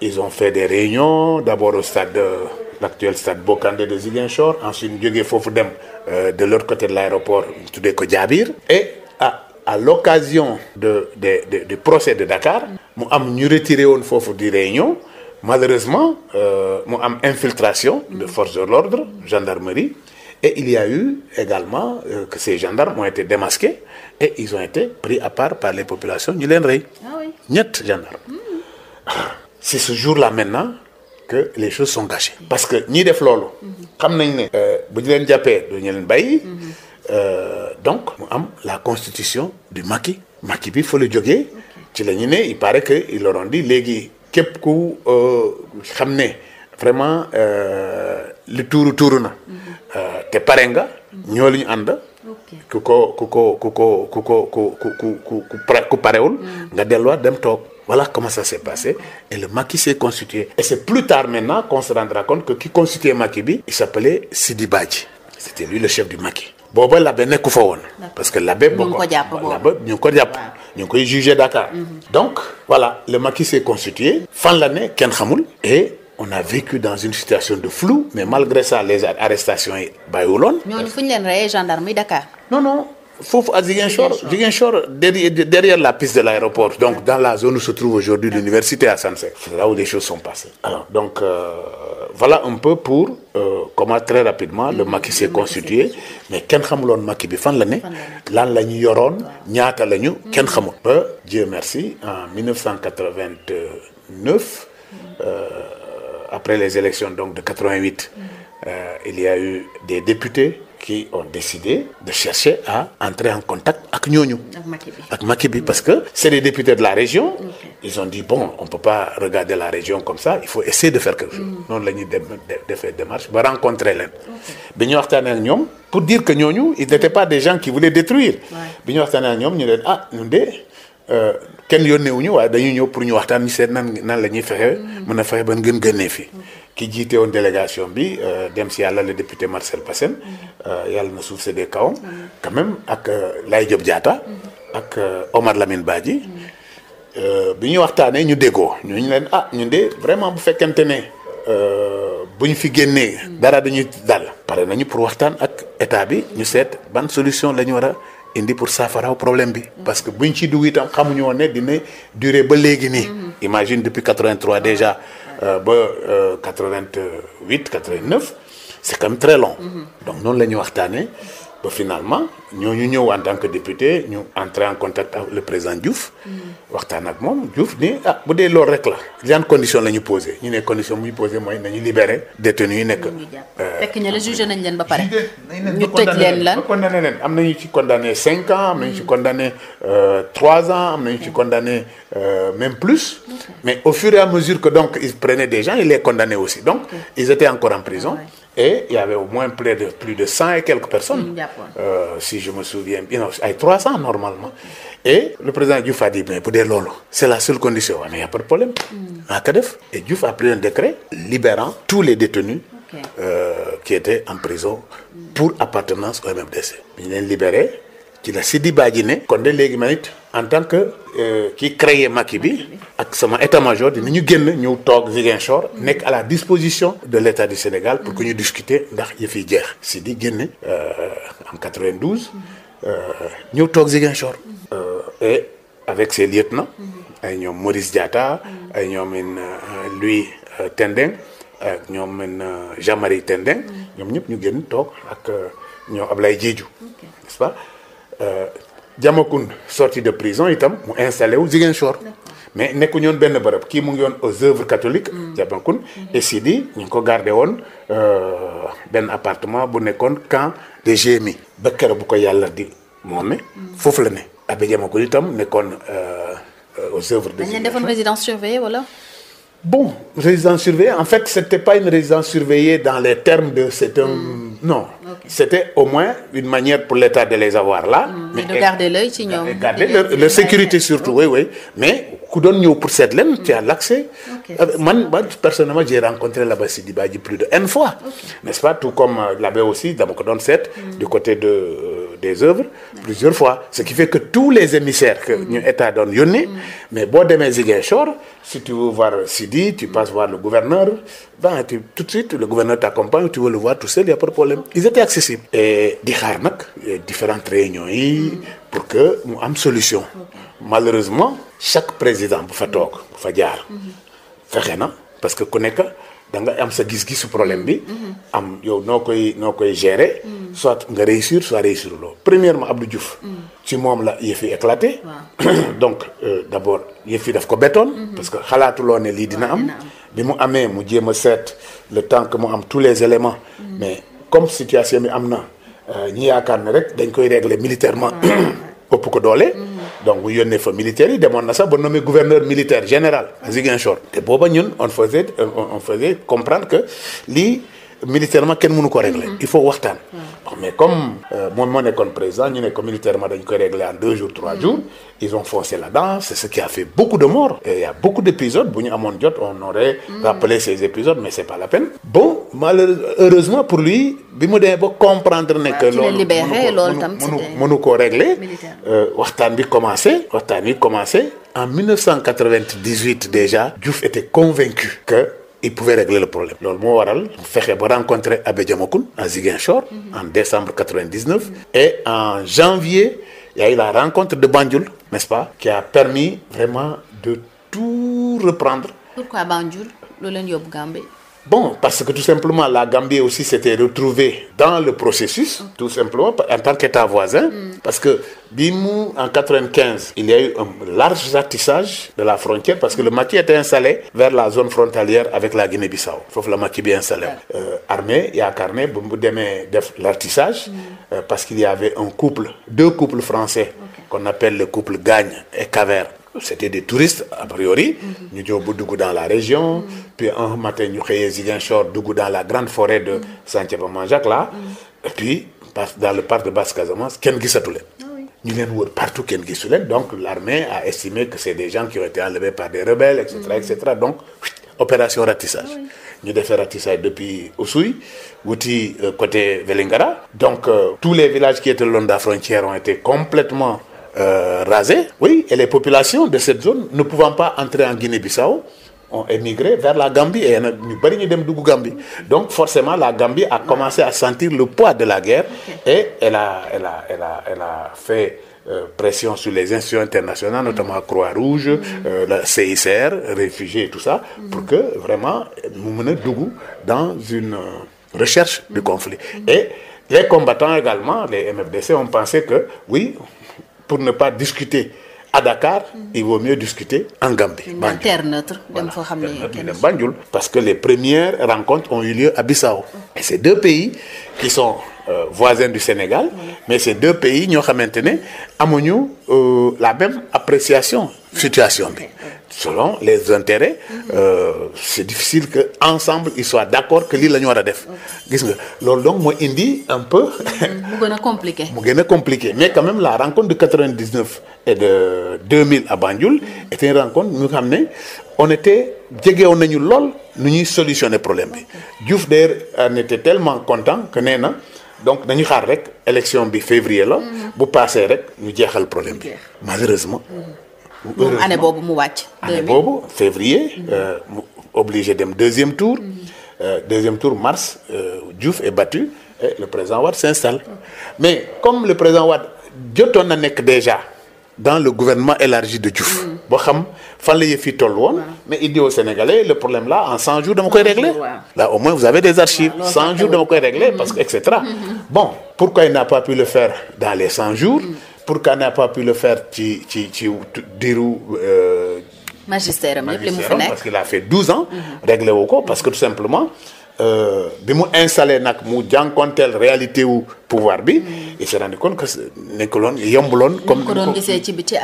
ils ont fait des réunions d' abord au stade euh, l' actuel stade Bocandé de Ziguinchor ensuite ñu jógee foofu dem euh, de l' autre côté de l' aéroport ñu tuddee ko Diabir. et à à l'occasion de de de du procès de Dakar. mu am ñu retiré woon foofu di réunion. malheureusement euh, mu am infiltration. de mm. forces de l'ordre gendarmerie. Et il y a eu également euh, que ces gendarmes ont été démasqués et ils ont été pris à part par les populations ñu leen rey. ah ñett gendarmes. Mm. Ah, c'est ce jour-là maintenant que les choses sont gâchées. parce que ñi def loolu. Mm-hmm. xam nañ ne. Euh, bu ñu leen jàppee du ñu leen mm-hmm. euh, donc mu am la constitution du maquis. maquis bi fa la jógee. ci la ñu ne il paraît que ils leur ont dit léegi képp ku euh, xam ne vraiment. Euh, li tuuru tuuru na. Euh, te pare nga. ñoo lu ñu ànd. ku ko ku ko ku ko ku ko ku ku ku ku parewul. Mm. nga delluwaat dem toog. voilà comment ça s'est passé et le maquis s'est constitué. et c'est plus tard maintenant qu'on se rendra compte que qui constituait maquis bi. il s'appelait Sidi Badji. c'était lui le chef du maquis. booba l'abbé nekku fa woon. parce que l'abbé boo ko l'abbé ñu ngi ko jàpp. ñu ngi koy jugé Dakar. Mm-hmm. donc voilà le maquis s'est constitué. fan la ne kenn xamul on a vécu dans une situation de flou mais malgré ça les arrestations yi bàyyiwuloon. ñooñu fu ñu leen reyee gendarme yi Dakar. non non foofu à Ziguinchor Ziguinchor derrière la piste de l'aéroport dans la zone où se trouve aujourd'hui l'université Assane Seck. là où les choses sont passées. alors donc euh, voilà un peu pour euh, comment très rapidement le mm-hmm. Macky s'est constitué mm-hmm. mais kenn xamuloon Macky bi la ne. lan la ñu yoroon ñaata la ñu kenn mm-hmm. xamul. ba après les élections donc, de 88, mm. euh, il y a eu des députés qui ont décidé de chercher à entrer en contact avec Nyonyo, avec Makibi, parce que c'est les députés de la région. Okay. Ils ont dit, bon, on ne peut pas regarder la région comme ça, il faut essayer de faire quelque chose. Non, mm. nous avons fait des marches, on rencontrer les Pour dire que Nyonyo, ils n'étaient pas des gens qui voulaient détruire. Nous avons dit, ah, nous Euh, kenn yónneewuñu waaye dañuy ñëw pour ñu waxtaan ñu seet nan nan la ñuy fexe. Mm. mën a fexe ba gën gënee fi. ki jiite woon délégation bi euh, dem si yàlla le député Marcel Passen. Mm. Euh, yàlla na suuf see kawam. Mm. quand même ak Laye Diop Diatta. ak Omar Lamine Badji. bi ñu waxtaanee ñu déggoo ñu ñu leen ah ñu de vraiment bu fekkente ne bu ñu fi génnee. dara dañuy dal pare nañu pour waxtaan ak état bi ñu seet ban solution la ñu war a. indi pour saafaraaw problème bi. parce que buñ ci dugg itam xamuñu woon ne dina durer ba léegi nii. Mhm. imagine depuis 83 ah. déjà. Euh, ba 88 euh, 89. c'est quand même très long. Mhm. donc noonu la ñuy waxtaanee. ba finalement ñu ñëw en tan que député ñu entrer en contact ak le président Diouf. Mm. waxtaan ak moom Diouf ni ah bu dee loolu rek la. yan condition la ñu posé ñu ne condition bu ñu posé mooy nañu libéré détenu yi nekk. ñu euh, la ah, jugé nañ leen ba pare. ñu tëj leen lan ba condamné leen am nañu ci condamné 5 ans am nañu ci mm. condamné euh, trois ans am nañu ci mm. condamné euh, même plus. mais au fur et à mesure que donc ils prenaient des gens ils les condamnaient aussi donc ils étaient encore en prison. Ah et il y avait au moins plus de, plus de 100 et quelques personnes, mm, euh, si je me souviens bien, il y a 300 normalement. Et le président Diouf a dit, mais pour dire lolo, c'est la seule condition, mais il n'y a pas de problème. Mm. Et Diouf a pris un décret libérant tous les détenus okay. euh, qui étaient en prison pour appartenance au MMDC. Il est libéré, ci la si di Sidi Badji ne. kon de léegi man it en tant que euh, ki créer Macky bi ak sama état major ñu génn ñëw toog Ziguinchor nekk à la disposition de l' état du Sénégal pour que ñu discuter ndax yëf yi jeex Sidi génne euh, en 92 euh, ñëw toog Ziguinchor. et avec ses lieutenants. Mhm. ay ñoom Maurice Diatta mhm. ay ñoom Louis Tendeng ak ñoom Jean-Marie Tendeng mhm. ñoom ñëpp ñu génn toog ak ñoom Ablaye Diédhiou n'est-ce pas. Euh, Diamacoune sorti de prison itam mu installé wu Ziguinchor. mais nekku benn bërëb kii mu ngi woon aux œuvres catholiques. Mm. Diamacoune mm-hmm. et Sidi ñu ngi ko gardé woon euh, benn appartement bu nekkoon camp de GMI. ba keroog bu ko yàlla di moome. Mm. foofu la ne abbé Diamacoune itam nekkoon euh, aux œuvres de. dañ leen defoon résidence surveillée wala. bon résidence surveillée en fait c'était pas une résidence surveillée dans les termes de c'est un mm. non. okay. c'était au moins une manière pour l'État de les avoir là. Mmh. mais de garder l'œil ci ñoom. garder leur sécurité surtout oui oui mais ku doon ñëw pour seet leen tu a mm. l'accès euh, man man personnellement j'ai rencontré l'abbé Sidi Badji plus de N fois n'est-ce pas tout comme euh, l'abbé aussi dama ko doon seet mm. du côté de euh, des œuvres plusieurs fois ce qui fait que tous les émissaires que mm. ñu état doon yónni mais boo demee Ziguinchor si tu veux voir Sidi tu passes voir le gouverneur tout de suite le gouverneur t'accompagne tu veux le voir tout seul y a de problème ils étaient accessibles di xaar nag différentes réunions yi pour que mu am solution malheureusement chaque président bu fa toog bu fa jaar fexe na parce que ku nekk da nga am sa gis-gisu problème bi am yow noo koy noo koy gérer soit nga réussir soit réussir loo premièrement Abdou Diouf ci moom la yëf yi éclaté (coughs) donc euh, d'abord yëf yi daf ko bettoon mhm. parce que xalaatuloo ne lii dina am bi mu amee mu jéem a seet le temps que mu am tous les éléments mhm. mais comme situation bi am na Euh, ñi yaakaar ne rek dañ koy régler militairement. (coughs) ëpp ko doole. Mm-hmm. donc bu yónnee fa militaire yi demoon na sax ba nommé gouverneur militaire général à Ziguinchor. te booba ñun on faisait on faisait comprendre que lii. militairement kenn mënu ko régler mm-hmm. il faut waxtaan mais comme euh, moom président ñu ne ko militairement dañ koy régler en deux jours trois mm-hmm. jours ils ont foncé là-dedans c'est ce qui a fait beaucoup de morts et il a beaucoup d'épisodes bu ñu jot on aurait mm-hmm. rappelé ces épisodes mais c'est pas la peine bon malheureusement pour lui bi mu demee ba comprendre ne que loolu mënu mënu koo régler euh, bi commencé waxtaan bi commencé en 1998 déjà Diouf était convaincu que il pouvait régler le loolu moo waral fexe ba rencontrer Abbé Diamacoune en Ziguinchor mhm. en décembre 99 et en janvier il y a eu la rencontre de Banjul n'est-ce vraiment de tout reprendre pourquoi Bon, parce que tout simplement, la Gambie aussi s'était retrouvée dans le processus, mm. tout simplement, en tant qu'État mm. parce que Bimou, en 95, il y a eu un de la frontière, parce que le maquis installé vers la zone frontalière avec la Guinée-Bissau. Sauf le maquis bien installé. Euh, mm. Euh, armée, il y a Carnet, l'artissage, mm. parce qu'il y un couple, deux couples français, okay. qu'on appelle et Cavert. c'était des touristes a priori. Mhm. ñu ñëw bu dugg dans la région. Mhm. puis un matin ñu xëyee Ziguinchor dugg dans la grande forêt de mhm. Santhiaba Manjaak là. et puis parce dans le parc de Basse Casamance kenn gisatu leen. Ah ñu leen wër partout kenn gisu leen donc l'armée a estimé que c'est des gens qui ont été enlevés par des rebelles et donc opération ratissage. Ah ñu defee ratissage depuis Oussouye wuti euh, côté Vélingara. donc euh, tous les villages qui étaient le long de la frontière ont été complètement euh, rasée, oui, et les populations de cette zone ne pouvant pas entrer en Guinée-Bissau ont émigré vers la Gambie et ñu bëri ñu dem dugg Gambie donc forcément la Gambie a commencé à sentir le poids de la guerre et elle a elle a elle a elle a fait euh, pression sur les institutions internationales notamment mm. Croix-Rouge mm. euh, la CICR réfugiés et tout ça mm. pour que vraiment mu mën a dugg dans une euh, recherche du conflit et les combattants également les MFDC ont pensé que oui pour ne pas discuter à Dakar mhm. il vaut mieux discuter en Gambie. Banjul terre neutre dem foo xam ne kenn Banjul parce que les premières rencontres ont eu lieu à Bissau. Mhm. et ces deux pays qui sont euh, voisins du Sénégal. Mhm. mais ces deux pays ñoo xamante ne amuñu euh, la même appréciation situation bi. selon les intérêts mhm. euh, c'est difficile que ensemble ils soient d'accord que lii la ñu war a def gis nga loolu donc mooy indi un peu mhm. mu gën a compliqué (laughs) gën a compliqué mais quand même la rencontre de 99 et de 2000 à Banjul était une rencontre ñu xam ne on était jegewoon nañu lool nu ñuy solutionner problème bi Diouf d'ailleurs on était tellement content que nee na donc dañuy xaar rek élection bi février la mhm. bu passé rek ñu jeexal problème bi malheureusement moom année boobu mu wàcc. année boobu février. Euh, mu obligé dem deuxième tour. Mm-hmm. Euh, deuxième tour mars euh, Diouf est battu et le président Wade s'installe mais comme le président Wade jotoon na nekk déjà dans le gouvernement élargi de Diouf. Mm-hmm. boo xam fan la yëf yi woon. mais il dit aux Sénégalais le problème là en 100 jours dama koy régler. là au moins vous avez des archives. 100 jours dama koy régler parce que mm-hmm. et cetera. bon pourquoi il n'a pas pu le faire dans les 100 jours. pourquoi n'a pas pu le faire ci ci ci diiru. Euh, magistère am yëpp li mu fi nekk parce qu'il a fait 12 ans. Mhm. réglé wu ko parce que tout simplement euh, bi mu installé nag mu jànkonteel réalité wu. pouvoir bi. Mm. il se rendu compte que nekkuloon yombuloon. ci biti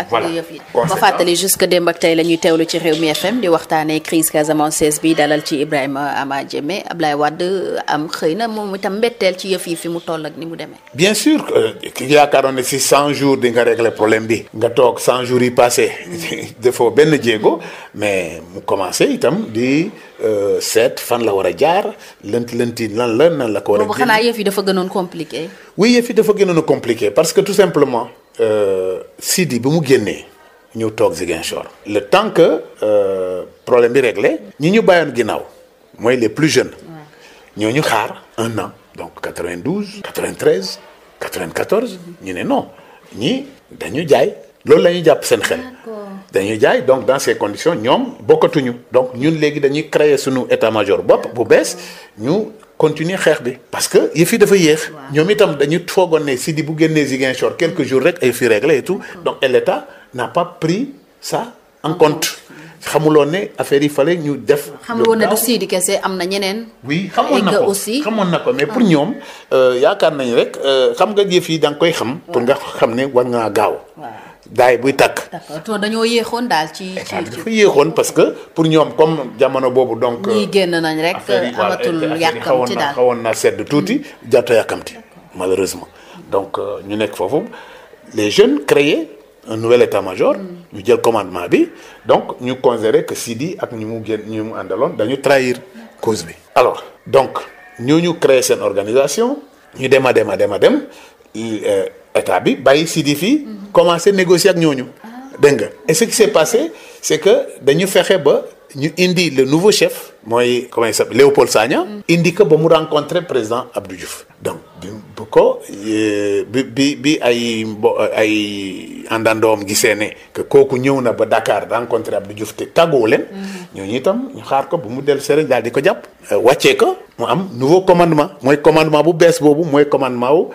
réew mi FM di waxtaanee crise Casamance bi dalal ci Ibrahima Ama Diémé Ablaye Wade am xëy na moom itam mbetteel ci yëf yi fi mu toll ak ni mu demee. bien sûr euh, ki yaakaaroon ne si 100 jours di nga régler problème bi. nga toog 100 jours yi passé. Mm. (laughs) defoo benn jéego mais mu commencé itam di euh, seet fan la war a jaar lënt lënti lan la nan la ko war a. boobu xanaa yëf yi dafa gënoon compliqué. oui yëf dafa gënoon a compliqué parce que tout simplement. Euh, Sidi bi mu génnee ñëw toog Ziguinchor. le temps que euh, problème bi réglé. ñi ñu bàyyoon ginnaaw mooy les plus jeunes. ñoo ñu xaar un an. donc 92. 93 94 ñu ne non ñi dañu jaay. loolu la ñuy jàpp seen xel. dañu jaay donc dans ces conditions ñoom bokkatuñu. donc ñun léegi dañuy créer suñu état major bopp bu bees ñu continuer xeex bi parce que yëf yi dafa yéex. ñoom itam dañu foogoon ne si di bu génnee Ziguinchor quelques jours rek ay fi réglé et tout mm. donc et n'a pas pris ça en compte. xamuloon ne affaire yi fale ñu def. xamuloon ne du Sidi kese am na ñeneen. oui xamoon na ko xamoon na ko mais pour ah. ñoom euh, yaakaar nañu rek euh, xam nga yëf yi da nga koy xam. pour nga xam ne war ngaa gaaw. daay buy takk. d'accord dañoo yéexoon daal ci ci yéexoon parce que pour ñoom comme jamono boobu donc. ñii génn nañ rek amatul xawoon na sedd tuuti hmm. jàtta yàkkamti malheureusement donc euh, ñu nekk foofu les jeunes créés un nouvel état-major. Hmm. ñu jël commandement bi donc ñu considéré que Sidi ak ñu mu génn ñu mu àndaloon dañu trahir cause bi. alors donc ñooñu créer seen organisation ñu dem a dem a dem a dem. Euh, état bi bàyyi Sidi fii. commencé négocier ak ñooñu. dégg nga et ce qui s' est passé c' est que dañu fexe ba ñu indi le nouveau chef. mooy comment il s' appelle Léopold indi ko ba mu rencontré président Abdou Diouf. donc bi bu ko euh, bi bi bi ay mbo euh, ay àndandoom gisee ne kooku ñëw na ba Dakar rencontré Abdou Diouf te tàggoo leen. ñooñu itam ñu xaar ko bu mu dellu sere daal di ko jàpp. Euh, wàccee ko mu am nouveau commandement mooy commandement bu bees boobu mooy commandement wu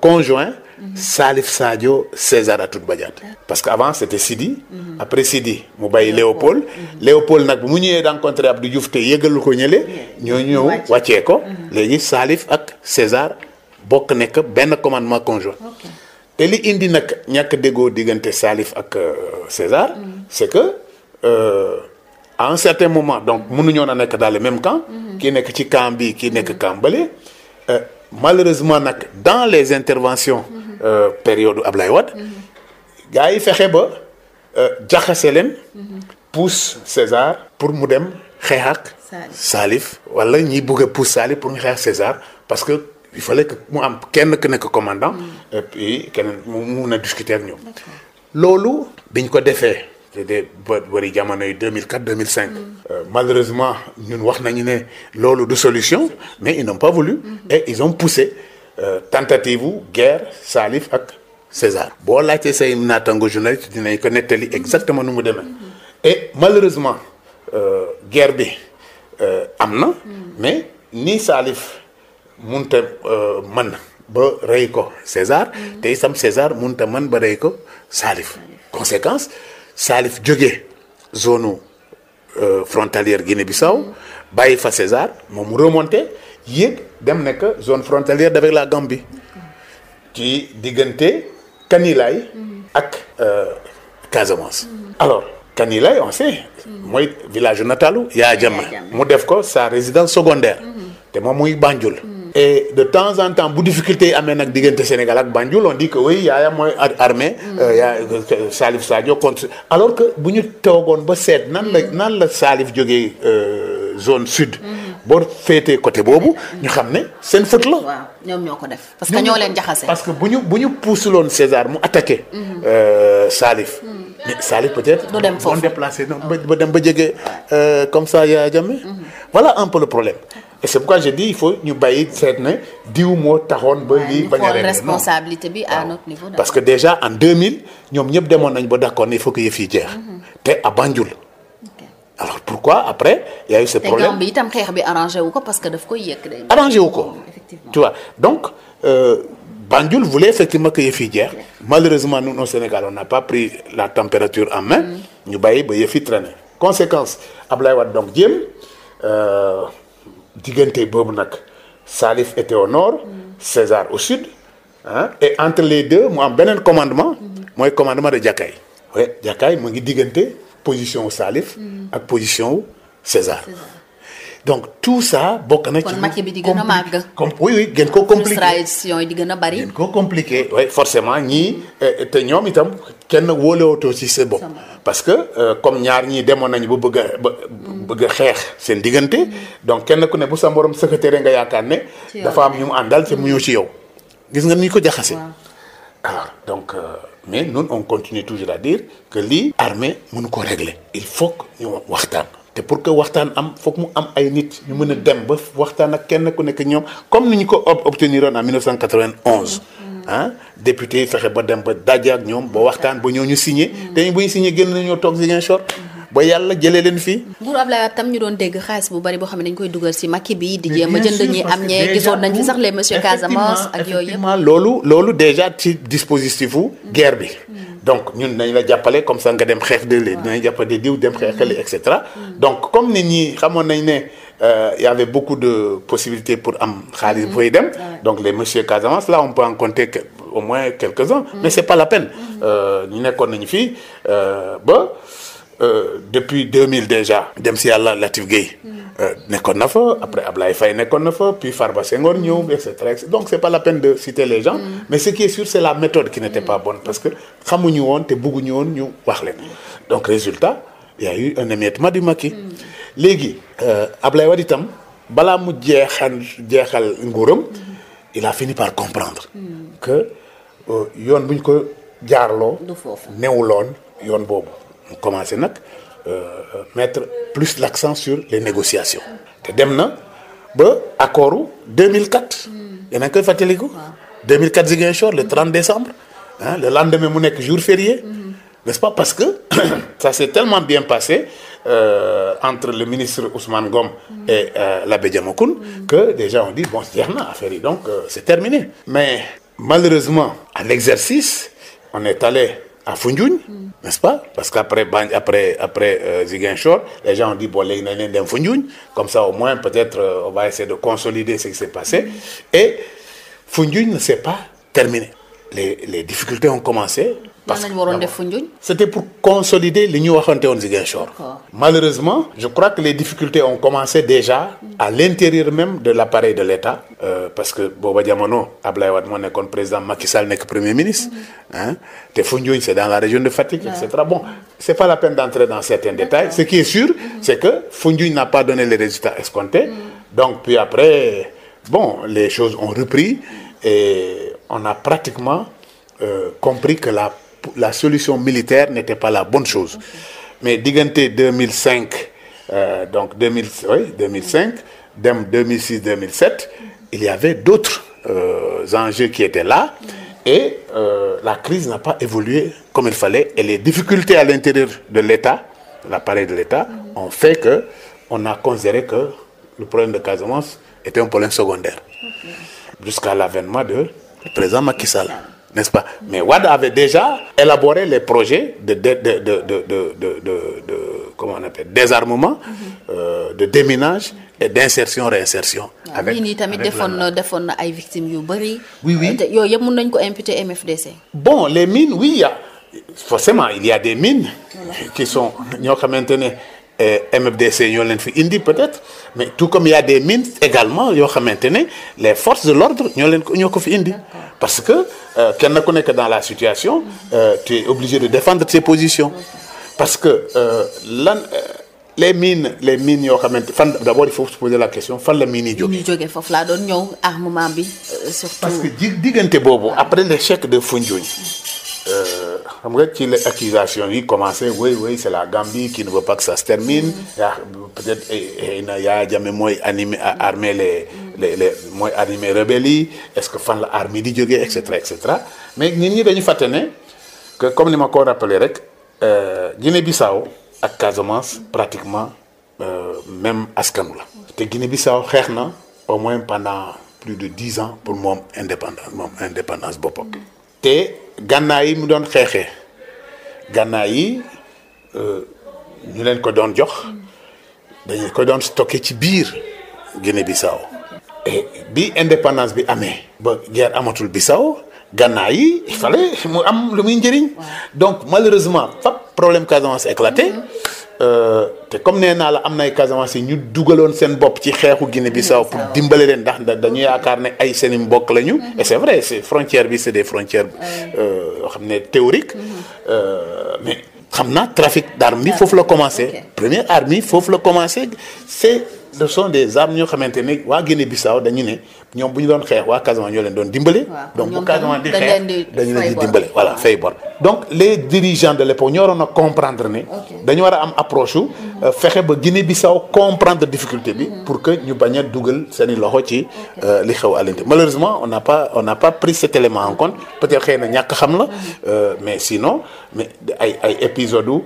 conjoint. saalif Sadio César Atoute Badiate parce que avant c'était Sidi après Sidi mu bàyyi Léopold Léopold nag bu mu ñëwee rencontré Abdou du te yëgalu ko ñële ñoo ñëw wàccee ko mm-hmm. léegi saalif ak César bokk nekk benn commandement conjoint te li indi nag ñàkk déggoo diggante Salif ak euh, César mm-hmm. c'est que euh, à un certain moment donc mënuñoon a nekk dans le même camp mm-hmm. kii nekk ci camp bi kii nekk camp bële euh, malheureusement nag dans les interventions Euh, période Ablaye Wade. gars yi fexe ba euh, jaxase leen. pousse César pour mu dem xeex ak. Salif wala ñi bëgg a pousse Salif pour mu xeex César parce que il fallait que mu am kenn ku nekk commandant. Mm. et puis mu na a discuter ak ñoom. loolu biñ ko defee. c'est-à-dire ba bëri jamono yi 2004 2005. Mm. Euh, malheureusement ñun wax nañu ne loolu du solution mais ils n'ont pas voulu. Mm-hmm. et ils ont poussé. Euh, tentative wu guerre Salif ak César. boo laajtee say naataango journaliste dinañ ko nettali exactement nu mu demee et malheureusement euh, guerre bi euh, am na. mais ni Salif mënut a man ba rey ko César. te sam César mënut a mën ba rey ko Salif. conséquence Salif jóge zone frontalière Guinée-Bissau bàyyi fa César moom remonté. yéeg dem nekk zone frontalière avec la Gambie ci diggante Kanilaay ak euh, Casamance. Mm-hmm. alors Kanilaay on sait. Mm-hmm. mooy village natalu Yaya Jammeh mu def ko sa résidence secondaire. Mm-hmm. te moom muy Banjul. et de temps en temps bu difficulté yi amee nag diggante Sénégal ak Banjul on dit que oui yaaya mooy armée euh, yaa euh, Salif Sadio alors que bu ñu toogoon ba seet nan la nan la Salif jógee zone sud. boo féetee côté boobu. ñu xam ne seen faute la. waaw ñoom ñoo ko def. parce que ñoo leen jaxase. parce que bu ñu bu ñu puusuloon César mu attaqué. Mhm. Euh, Salif. Mhm. mais Salif peut-être. du dem foofu on déplacé na ba dem ba jege euh, comme ça Yaya Jammeh. wala mhm. un peu le problème. et c'est pourquoi j'ai dit il faut ñu bàyyi seet na diw moo taxoon ba lii bañ a responsabilité bi à notre niveau. parce que déjà en mille ñoom ñëpp demoon nañ ba d'accord ne il faut que yëf yi jeex. te à Banjul. alors pourquoi après il y a eu ce problème bi itam xeex bi arrangé wu ko parce que daf koy yëkk day. arrangé wu ko mm, effectivement donc. Euh, Banjul voulait effectivement que yëf yi jeex malheureusement nous au Sénégal on n'a pas pris la température en main. Mm. ñu bàyyi ba yëf yi traîner. conséquence Ablaye Wade donc jéem euh, diggante boobu nag Salif était au nord. Mm. César au sud. ah et entre les deux mu beneen commandement. Mm-hmm. mooy commandement de Jakaay. oui Jakaay mu ngi diggante. position wu Salif. Mm. ak position wu César. donc tout ça bokk na. ci kon matière bi di gën a màgg. comme oui oui gën koo yi di gën a bari. gën koo compliqué oui forcément ñi eh, te ñoom itam kenn wóolewootoo ci sa bopp. parce que euh, comme ñaar ñii demoon nañu ba bëgg ba mm. bëgg a xeex seen diggante. Mm. donc kenn ku ne bu sa morom secrétaire nga yaakaar ne. dafa am ñu mu àndal te mu ñëw ci yow. gis nga ni ñu ko jaxase. mais nun on continue toujours à dire que lii armée mënu ko régler il faut que waxtaan te pour que waxtaan am foog mu am ay nit ñu mën a dem ba waxtaan ak kenn ku nekk ñoom comme ni ñu ko obtenir oon en 1991 ah député fexe ba dem ba daje ak ñoom ba waxtaan ba ñoo ñu signé te bu ñu signé génn nañoo toog Ziguinchor ba yàlla jëlee leen fii nguur Abdoulaye tam ñu doon dégg xaalis bu bari boo xam ne dañ koy dugal si makki bi di jéem a jënd ñi am ñee gisoon nañ fi sax les monsieur Casamance ak yooyu loolu loolu déjà ci dispositif u guerre bi donc ñun nañ la jàppale comme ça dem xeex de lee dinañ jàppale diw dem xeexali et cetera donc comme nit ñi xamoon nañ ne Euh, y avait beaucoup de possibilités pour am xaalis booy dem donc les monsieur Casamance là on peut en au moins quelques-uns mm -hmm. mais c'est pas la peine euh, ñu nekkoon nañu fii euh, ba Euh, depuis 2000 déjà. dem si yàlla Latif Guèye. Mm. Euh, nekkoon na fa après Ablaye fay nekkoon na fa puis Farba Senghor ñëw mm. et cetera donc c' est pas la peine de citer les mm. mais ce qui est sûr c' la méthode qui n' était pas bonne parce que xamuñu woon te bëgguñu woon ñu wax leen donc résultat y a eu un émiettement du maquis. léegi euh, Ablaye Wade itam balaa mu jeexal jeexal nguuram. il a fini par comprendre. que yoon bu ñu ko jaarloo. newuloon yoon boobu. mu commencé nag euh, mettre plus l'accent sur les négociations te dem na ba accordu 2004 hmm. yéen a ngi koy fàttaliku 2004 Ziguinchor le 30 décembre ah le lendemain mu nekk jour férié hmm. n'est-ce pas parce que (clears throat) ça s'est tellement bien passé euh, entre le ministre Ousmane Ngom hmm. et euh, l'abbé Diamacoune que des gens ont dit bon jeex na affaire yi donc euh, c'est terminé mais malheureusement à l'exercice on est allé à Foundiougne n'est-ce pas parce qu'après Ban après après euh, Ziguinchor les gens ont dit bon léegi nañ leen dem Foundiougne comme ça au moins peut-être euh, on va essayer de consolider ce qui s'est passé et Foundiougne ne s'est pas terminé les les difficultés ont commencé parce que waroon def Foundiougne c'était pour consolider li ñu waxante woon Ziguinchor malheureusement je crois que les difficultés ont commencé déjà à l'intérieur même de l'appareil de l'État euh, parce que booba jamono Ablaye Wade moo nekkoon président Macky Sall nekk premier ministre mm-hmm. hein te Foundiougne c'est dans la région de Fatick etc bon c'est pas la peine d'entrer dans certains détails ce qui est sûr mm-hmm. c'est que Foundiougne n'a pas donné les résultats escomptés mm-hmm. donc puis après bon les choses ont repris et on a pratiquement euh, compris que la la solution militaire n'était pas la bonne chose. Okay. Mais diganté 2005, euh, donc 2000, oui, 2005, 2006-2007, mhm. il y avait d'autres euh, enjeux qui étaient là mhm. et euh, la crise n'a pas évolué comme il fallait et les difficultés à l'intérieur de l'État, l'appareil de l'État, mhm. ont fait que on a considéré que le problème de Casamance était un problème secondaire. Okay. Jusqu'à l'avènement de le président Macky Sall. n'est-ce pas Mais Wade avait déjà élaboré les projets de, de, de, de comment on appelle, désarmement, mhm. euh, de déminage et d'insertion réinsertion. avec ni nii tamit defoon na defoon na ay victimes yu bëri. oui oui euh, te yooyu yëpp mën ko imputer MFDC. bon les mines oui y a forcément il y a des mines. qui sont ñoo xamante ne. MFDC ñoo leen fi indi peut-être mais tout comme il y a des mines également yoo xamante ne les forces de l'ordre ñoo leen ko ñoo ko fi indi parce que euh, kenn ku nekk dans la situation euh, tu es obligé de défendre ses position parce que euh, lan euh, les mines les mines yoo xamante fan d'abord il faut se poser la question fan la miin yi jóge. ñu jóge foofu laa doon ñëw armement bi euh, surtout. parce que diggante boobu après l'échec de Foundiougne. Euh, xam nga ci la accusation yi commencé oui oui c'est la Gambie qui ne veut pas que ça se termine yaa mm-hmm. ah, peut-être xëy eh, eh, mooy animé armé mm-hmm. les les mooy animé rebelles yi est-ce que fan la armée di jógee et cetera mais nit ñi dañu fàtte ne que comme ni ma ko rappelé rek euh, Guinée-Bissau ak Casamance pratiquement euh, même askanu la te Guinée-Bissau xeex na au moins pendant plus de dix ans pour moom indépendance moom indépendance boppam mm-hmm. gànnaay yi mu doon xeexee gànnaay yi euh, ñu leen ko doon jox dañu ko doon stocké ci biir Guinée Bissau bi indépendance bi amee ba guerre amatul Bissau gànnaay yi fale fallait mu am lu muy njëriñ donc malheureusement fab problème Casamance éclaté mm-hmm. Euh, te comme nee naa la am na ay Casamance ñu dugaloon seen bopp ci xeexu Guinée Bissau pour dimbale leen ndax dañu yaakaar ne ay seeni mbokk lañu ñu. Mm-hmm. et c' est vrai c' est frontière bi c' est des frontières. Euh, yoo xam ne théorique. Mm-hmm. Euh, mais xam naa trafic d' armes bi foofu la commencé. première arme yi foofu la commencé c' le son sont des armes ñoo xamante ne waa Guinée Bissau dañu ne. ñoom bu ñu doon xeex waa Casamance ñoo leen doon dimbale. donc bu Casamance di xeex dañu leen di dimbale voilà fay bor. donc les dirigeants de l'époque ñoo waroon a comprendre ne. dañu war a am approche mhm. euh, fexe ba Guinée-Bissau comprendre difficulté bi. Mhm. pour que ñu bañ a dugal seen loxo ci euh, li xew alante malheureusement on n'a pas on n'a pas pris cet élément en compte peut na ñàkk xam la mhm. euh, mais sinon mais ay ay épisodes u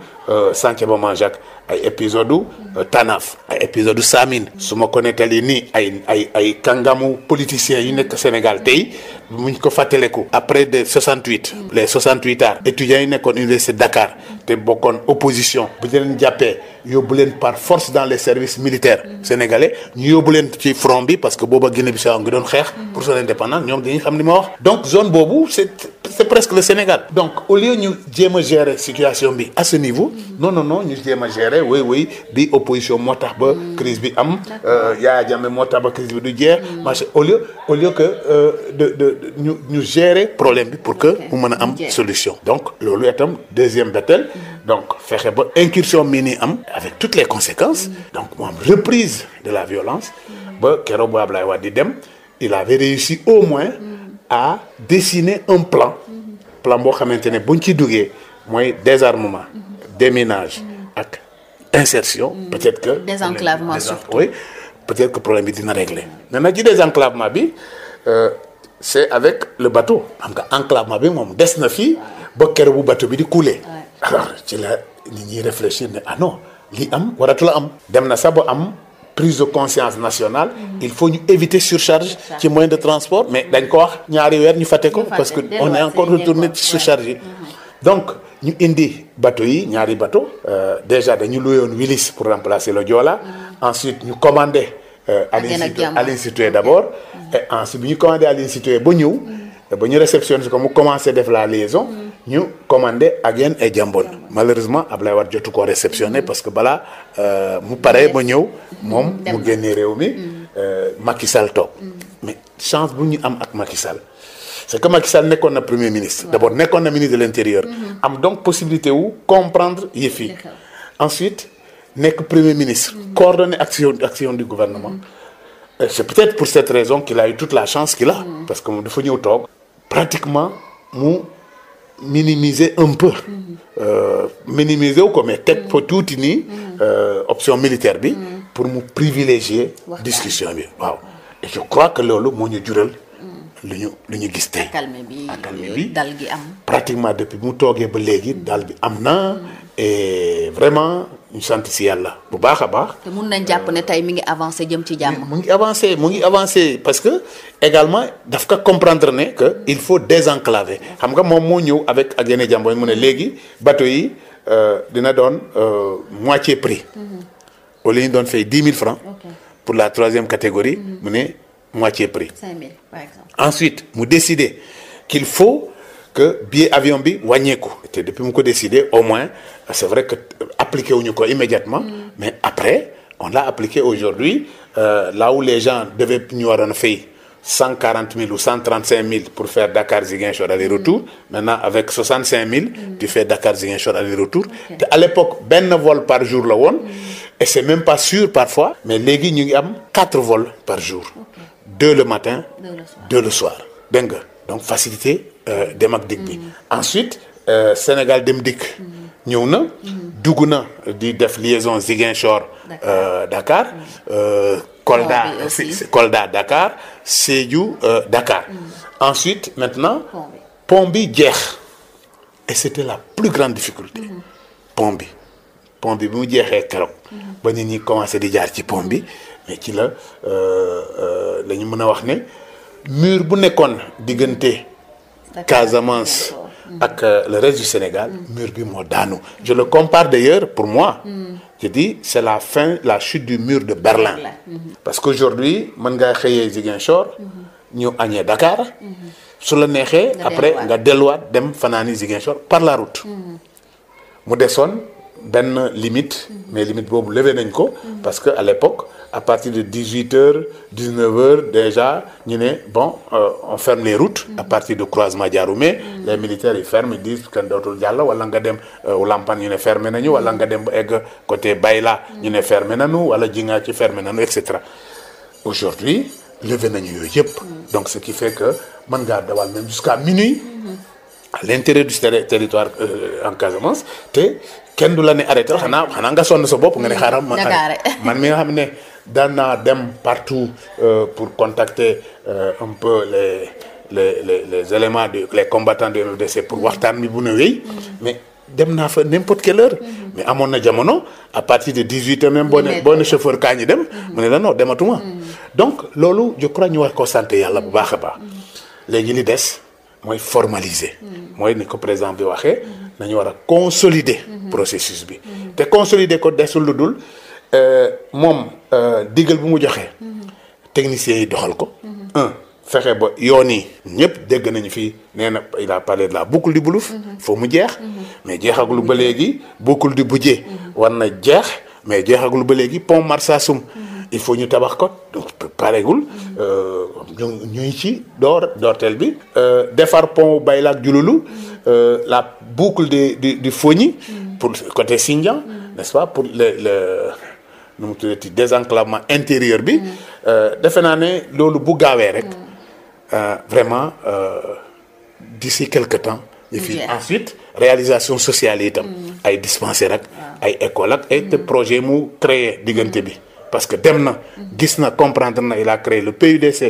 Santhiaba Manjaak ay épisodes u Tanaf ay épisodes u Samine su ma ko nettalee nii ay ay ay kangamu. politiciens yi nekk Sénégal tey muñ ko fàttaleku après de 68 les 68 ans étudiants yi nekkoon université Dakar te bokkoon opposition bu ñu leen yóbbu leen par force dans les services militaires sénégalais ñu yóbbu leen ci front bi parce que booba Guinée-Bissau ngi doon xeex pour son indépendance ñoom dañuy xam li ma wax donc zone boobu c'est c'est presque le Sénégal donc au lieu ñu jéem a situation bi à ce niveau non non ñu jéem a gérer wéy wéy bi opposition moo tax ba crise bi am euh, Yaya Jammeh moo tax ba crise bi du jeex marché au lieu au lieu que euh, de de ñu ñu gérer problème bi pour que mu mën a am solution donc loolu itam deuxième bétel donc fexe ba incursion mii nii am. avec toutes les conséquences. donc mu am reprise de la violence. ba keroog bu waa di dem il avait réussi au moins à dessiner un plan. plan boo xamante ne buñ ci duggee mooy désarmement. déminage ak insertion. peut-être que désenclavement surtout oui peut-être que problème bi dina régler. maintenant ci désenclavement bi. Euh, c'est avec le bateau xam nga enclavement bi moom des na fi ba kër bu bateau bi di couler alors (coughs) ci la nit ñuy réfléchir ne ah non li am waratu la am. dem na sax ba am prise de conscience nationale. Mm-hmm. il faut ñu éviter surcharge. ci moyen de transport mais dañ ko wax ñaari weer ñu fàtte ko. parce que on est encore retourné ci surcharge yi. Mm-hmm. donc ñu indi bateau yi ñaari bateau euh, déjà dañu luyoon Willis pour remplacer le Joola. Mm-hmm. ensuite ñu commandé. Euh, Aline Sitoé d'abord. et ensuite bu ñu commandé Aline Sitoé ba ñëw. ba ñu réceptionné ko mu commencé def la liaison. ñu commandé ak yéen ay jàmboon malheureusement Ablaye Wade jotu ko réceptionné parce que balaa euh, mu paree ba ñëw moom mu génnee réew mi mm. euh, Macky Sall toog mm. mais chance bu ñu am ak Macky Sall que Macky Sall nekkoon na premier ministre d'abord nekkoon na ministre de l'intérieur mm-hmm. am donc possibilité wu comprendre yëf yi ensuite nekk premier ministre mm-hmm. coordonner action action du gouvernement mm-hmm. c'est peut-être pour cette raison qu'il a eu toute la chance qu'il a parce que moom dafa ñëw toog pratiquement mu minimiser un peu. Euh, minimiser wu ko mais teg fa tuuti nii. Euh, option militaire bi. pour mu privilégier. discussion bi waaw. et je crois que loolu moo ñu jural. lu ñu lu ñu gis tey. accalmie bi bi dal gi am. pratiquement depuis mu toogee ba léegi dal bi am na et vraiment. ñu sant si yàlla bu baax a baax. te mun nañ jàpp ne tey mi ngi avancé jëm ci jàmm. mu ngi avancé parce que également daf ko comprendre ne. que il faut désenclaver xam nga moom moo ñëw avec ak yeneen jàmbur mu ne léegi bateau yi euh, dina doon euh, moitié prix. Mm-hmm. au lieu ñu doon fay dix mille francs pour la troisième catégorie. Mm-hmm. mu ne moitié prix. ensuite mu décider qu'il faut. que billet avion bi wàññeeku te depuis mu ko décidé au moins c'est vrai que euh, appliqué wuñu ko immédiatement mm. mais après on l'a appliqué aujourd'hui euh, là où les gens devaient ñu waroon a fay cent quarante mille ou cinq mille pour faire Dakar Ziguinchor aller-retour mm. maintenant avec soixante cinq mille mm. tu fais Dakar Ziguinchor aller-retour okay. l'époque benn vol par jour la woon mm. et c'est même pas sûr parfois mais léegi ñu ngi am quatre vols par jour deux le matin deux le soir, deux le nga donc facilité Euh, dem ak dikk bi mm. ensuite euh, Sénégal dem dikk mm. ñëw na mm. dugg na di def liaison Ziguinchor Dakar euh, Kolda Kolda Dakar Sédhiou Dakar ensuite maintenant pont bi jeex et c'était la plus grande difficulté mm-hmm. pont bi pont bi bi mu jeexee keroog mm-hmm. ba nit ñi commencé di jaar ci pont bi mm-hmm. mais ci la la ñu mën a wax ne mur bu nekkoon diggante Casamance mm. ak euh, le reste du Sénégal mm. mur bi moo daanu je le compare d'ailleurs pour moi mm. je dis c'est la fin la chute du mur de Berlin mm-hmm. parce que qu'aujourd'hui mën ngaa xëyee Ziguinchor mm-hmm. ñu añee Dakar mm-hmm. su la neexee après nga delluwaat dem fanaani Ziguinchor par la route mu desoon benn limite mais limite boobu levé nañ ko parce que à l'époque à partir de 18h, 19h déjà, bon, euh, on ferme les routes à partir de croisement Diaroumé. Mm -hmm. Les militaires ils ferment, ils disent que d'autres Diallo, ou alors dem euh, au Lampan, ils ferment, ou alors dem côté Baïla, ils ferment, ou alors Djinga, ils ferment, etc. Aujourd'hui, levé nañu yep. Donc ce qui fait que man nga dawal même jusqu'à minuit à l'intérieur du territoire euh, en Casamance, te kenn du la ne arrêté xanaa xanaa nga sonn sa bopp nga ne mm. man mi nga xam ne daan naa dem partout euh, pour contacter euh, un peu les les les les éléments du les combattants du MFDC pour waxtaan bi bu na wéy mais dem naa fa n'importe quelle heure mais amoon na jamono à partir de 18 heures même boo ne boo ne chauffeur kaa ñi dem mu ne la noo dematuma mm. donc loolu je crois ñu war ko sant yàlla bu baax a baax léegi li des mooy formaliser mm. mooy ni ko président bi waxee nañu war a consolider mm-hmm. processus bi mm-hmm. te consolider ko desul lu dul euh, moom Euh, digal bi mu joxe. techniciens yi doxal ko. fexe ba yoon yi. ñëpp dégg nañu fi nee na il a parlé de la boucle du Boulouf. foo mu jeex. mais jeexagul ba léegi boucle du Boudjé. war na jeex mais jeexagul ba léegi pont Marsassoum. il faut ñu tabax ko pareegul. Euh, ñu ñu ci door doorteel bi. Euh, defar pont Bayla ak Diouloulou. la boucle de du pour côté Sindian. nest pas pour nu mu tuddati désenclavement intérieur bi. Mm. Euh, defe naa ne loolu bu gaawee rek. Mm. Euh, vraiment euh, d'ici quelque temps. et puis ensuite réalisation sociale yi itam. Mm. ay dispensaires ak ay école ak ay te projet mu créer diggante bi. parce que dem na gis na comprendre na il a créé le PUDC.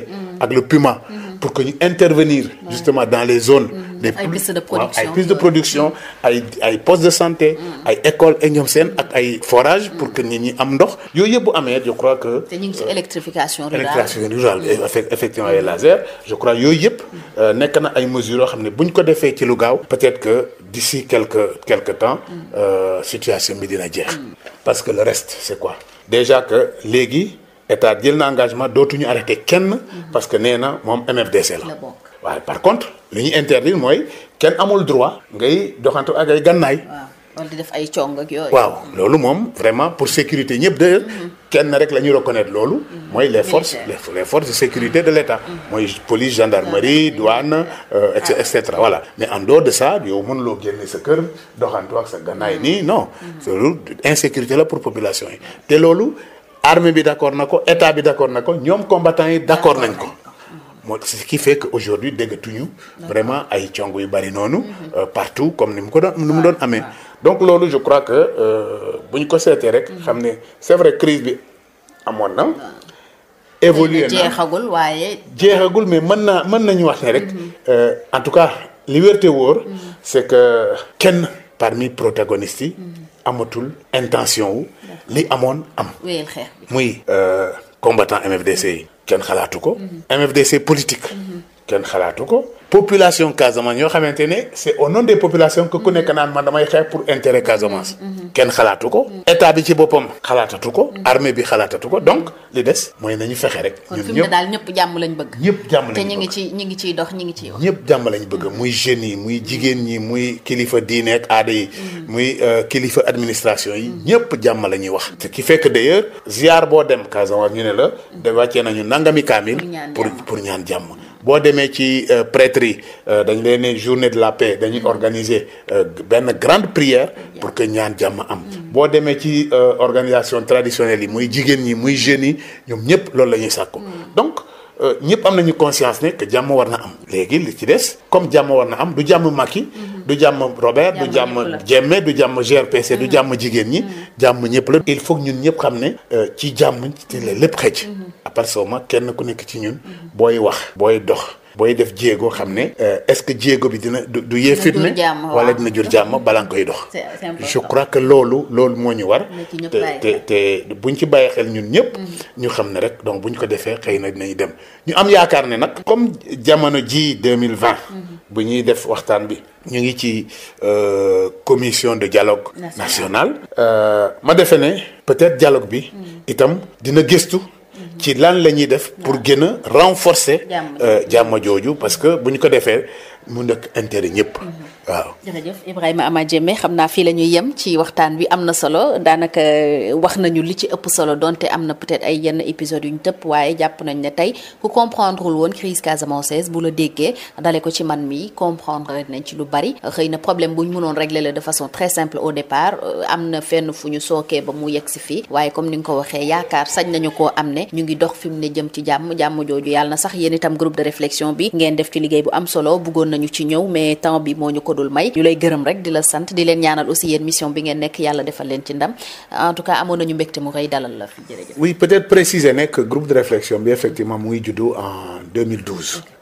ak le PUMA. pour que ñu intervenir. justement dans les zones. des ay pistes de production ay pistes de production ay ay postes de santé. Mm. ay écoles et ñoom seen ak ay forages pour que nit ñi am ndox. yooyu yëpp bu amee je crois que. te ñu ngi ci électrification rurale électrification rurale effectivement ay laser je crois yooyu yëpp mm. euh, nekk na ay mesures yoo xam ne bu ñu ko defee ci lu gaaw. peut-être que d'ici quelque quelque temps. Mm. Euh, situation bi dina jeex. parce que le reste c'est quoi. déjà que léegi état jël na engagement dootuñu arrêté kenn. parce que nee na moom MFDC la. waaye par contre li ñuy interdire mooy kenn amul droit ngay doxantu ak ay gànnaay. di def ay cong waaw loolu moom vraiment pour sécurité ñëpp d'ailleurs mhm. kenn rek la ñuy reconnaître loolu. Mhm. mooy les forces les forces de sécurité de l'État. Mhm. mooy police gendarmerie douane euh, ah. et cetera voilà. mais en dehors de ça yow mënuloo génne sa kër doxantu ak sa gannaay nii no insécurité la pour population yi te loolu armée bi d'accord na ko état bi d'accord na ko ñoom combattants yi d'accord nañ ko. moo ce qui fait que aujourd'hui déggatuñu vraiment ay cong yu bari noonu mhm. euh, partout comme ni mu ko doon ni mu doon amee donc loolu je crois que euh, bu ñu ko seetee rek mhm. xam ne c'est vrai crise bi amoon na évolué na jeexagul waaye jeexagul mais mën naa mën nañu wax ne rek mhm. euh, en tout cas li wérte wóor c'est que kenn parmi protagonistes yi amatul intention wu li amoon am muy combattant MFDC yi kenn xalaatu ko. MFDC politique. kenn xalaatu ko population Casamance ñoo xamante ne c'est au nom des population que ku nekk naan man damay xeex pour intérêt Casamance mm-hmm. Mm-hmm. kenn xalaatu ko mm-hmm. état bi ci boppam xalaatatu ko armée bi xalaatatu ko donc li des mooy na ñu fexe rek kon fi ne daal ñëpp jàmm lañ bëgg ñëpp jàmm lañ bëgg te ñu ngi ci ñu ñu ngi ciy wax ñëpp jàmm lañ bëgg muy jeunes yi muy jigéen ñi muy kilifa diine ak aada yi muy euh, kilifa administration yi ñëpp jàmm la ñuy wax ce qui fait que ziar boo dem Casamance ñu ne la da wàccee nañu nangami kaamil pour pour ñaan jàmm boo demee ci euh, prêtre yi euh, dañ leen ne journée de la paix dañuy mm-hmm. organiser euh, benn grande prière pour que ñaan jàmm am mm-hmm. boo demee ci organisation traditionnelle yi muy jigéen ñi muy jeunes yi ñoom ñëpp loolu la ñuy sàkku mm-hmm. donc Euh, ñëpp am nañu conscience ne que jàmm war na am léegi lu ci des comme jàmm war na am du jàmm Macky mhm. du jàmm Robert du jàmm Jemme du jàmm GRPC du mhm. jàmm jigéen ñi mhm. jàmm ñëpp la il faut ñun ñëpp xam ne euh, ci jàmm ci la lépp xëj à part soma kenn ku nekk ci ñun booy wax booy dox booy def jéego xam ne. Euh, est-ce que jéego bi dina du du yee fitne wala dina jur jàmm balaa nga koy dox. je crois que loolu loolu moo ñu war. te te ñu ci bàyyi xel ñun ñëpp. Mm-hmm. ñu xam ne rek donc bu buñ ko defee xëy na dinañ dem ñu am yaakaar ne nag. comme jamono ji 2020. Mm-hmm. bu ñuy def waxtaan bi. ñu ngi ci euh, commission de dialogue national. Euh, ma defe ne peut-être dialogue bi. Mm-hmm. itam dina gëstu. ci lan la ñuy def pour gën a renforcer euh, jàmm jooju parce que bu ñu ko defee mu nekk intérêt ñëpp mm-hmm. waaw jërëjëf Ibrahima Ama Diémé xam naa fii la ñuy yem ci waxtaan wi am na solo daanaka euh, wax nañu li ci ëpp solo donte am na peut-être ay yenn épisodes yu ñu tëpp waaye jàpp nañ ne tey ku comprendrewul woon crise casamançaise bu la déggee dale ko ci man mi comprendre nañ ci lu bari xëy na problème bu ñu mënoon régler la de façon très simple au départ euh, am na fenn fu ñu sookee ba mu yegg si fii waaye comme ni nga ko waxee yaakaar sañ nañu ko am ne ñu ngi dox fi mu ne jëm ci jàmm jàmm jooju yàlla na sax yéen itam groupe de réflexion bi ngeen def ci liggéey bu am solo bëggoon nañu ci ñëw ko dul may ñu lay gërëm rek di la sant di leen ñaanal aussi yéen mission bi ngeen nekk yàlla defal leen ci ndam en tout cas amoon nañu mbégte mu koy dalal la fi jërëjëf oui peut-être préciser nekk groupe de réflexion bi effectivement mu juddu en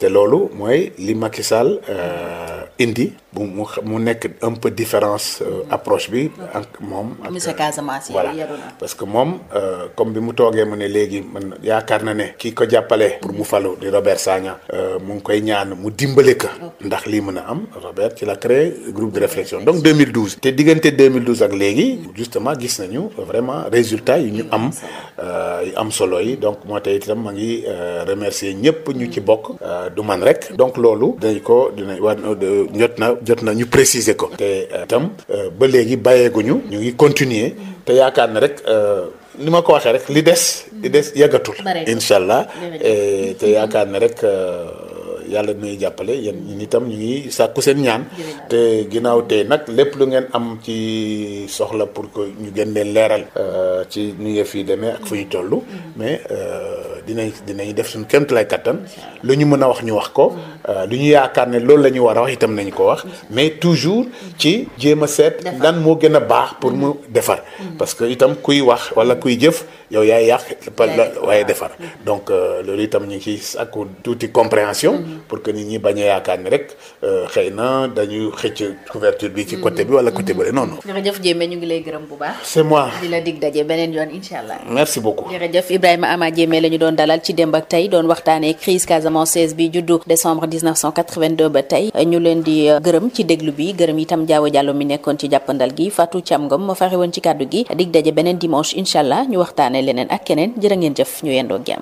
te loolu mooy li Macky Sall euh, indi. bu mu mu nekk un peu différence euh, approche bi ak moom. ak monsieur Casamance voilà parce que moom euh, comme bi mu toogee mu ne léegi man yaakaar na ne. kii ko jàppale. pour mu falu di Robert Sagna. Euh, mu ngi koy ñaan mu dimbale ka ndax lii mën a am Robert ci la créé groupe de réflexion donc 2012. te diggante 2012 ak léegi. justement gis nañu vraiment résultat yi ñu am yu am solo yi donc moo tey itam ma ngi remercier ñëpp ñu ci bokk. du man rek donc loolu. dinañ ko dinañ war jot na jot na ñu préciser ko. te euh, itam euh, ba léegi bàyyeeguñu ñu ngi continuer te yaakaar na rek. Euh, ni ma ko waxee rek li des li des yàggatul. incha allah te yaakaar ne rek. yàlla dinañ jàppale yéen ñun itam ñu ngi sàkku seen ñaan. te ginnaaw tey nag lépp lu ngeen am ci soxla pour que ñu gën leen leeral. Euh, ci ni nga fii demee ak fu ñu toll. mais euh, dinañ dinañ def suñu kéem kattan. lu ñu mën a wax ñu wax ko. Euh, lu ñu yaakaar ne loolu la war a wax itam nañu ko wax mais toujours ci jéem a seet. lan moo gën a baax pour mu mm-hmm. defar. parce que itam kuy wax wala kuy jëf. yow yaay yàq waaye defar donc euh, loolu itam ñu ci sàkku tuuti compréhension mm-hmm. pour que nit ñi bañ yaakaar ni rek euh, xëy na dañuy xëcc couverture bi ci côté bi wala côté mm-hmm. bële noonu non. jërëjëf Diémé ñu ngi lay gërëm bu baax. daje beneen yoon incha allah. merci beaucoup jërëjëf Ibrahima Ama Diémé la ñu doon dalal ci démb ak tey doon waxtaanee crise Casamance 16 bi juddu décembre 1982 ba tey ñu leen di euh, gërëm ci déglu bi gërëm itam jaawo jàllo mi nekkoon ci jàppandal gi Fatou Thiam Ngom ma faxe woon ci kàddu gi dig daje beneen dimanche incha allah leneen ak keneen jërë ngeen jëf ñu yendoo jàmm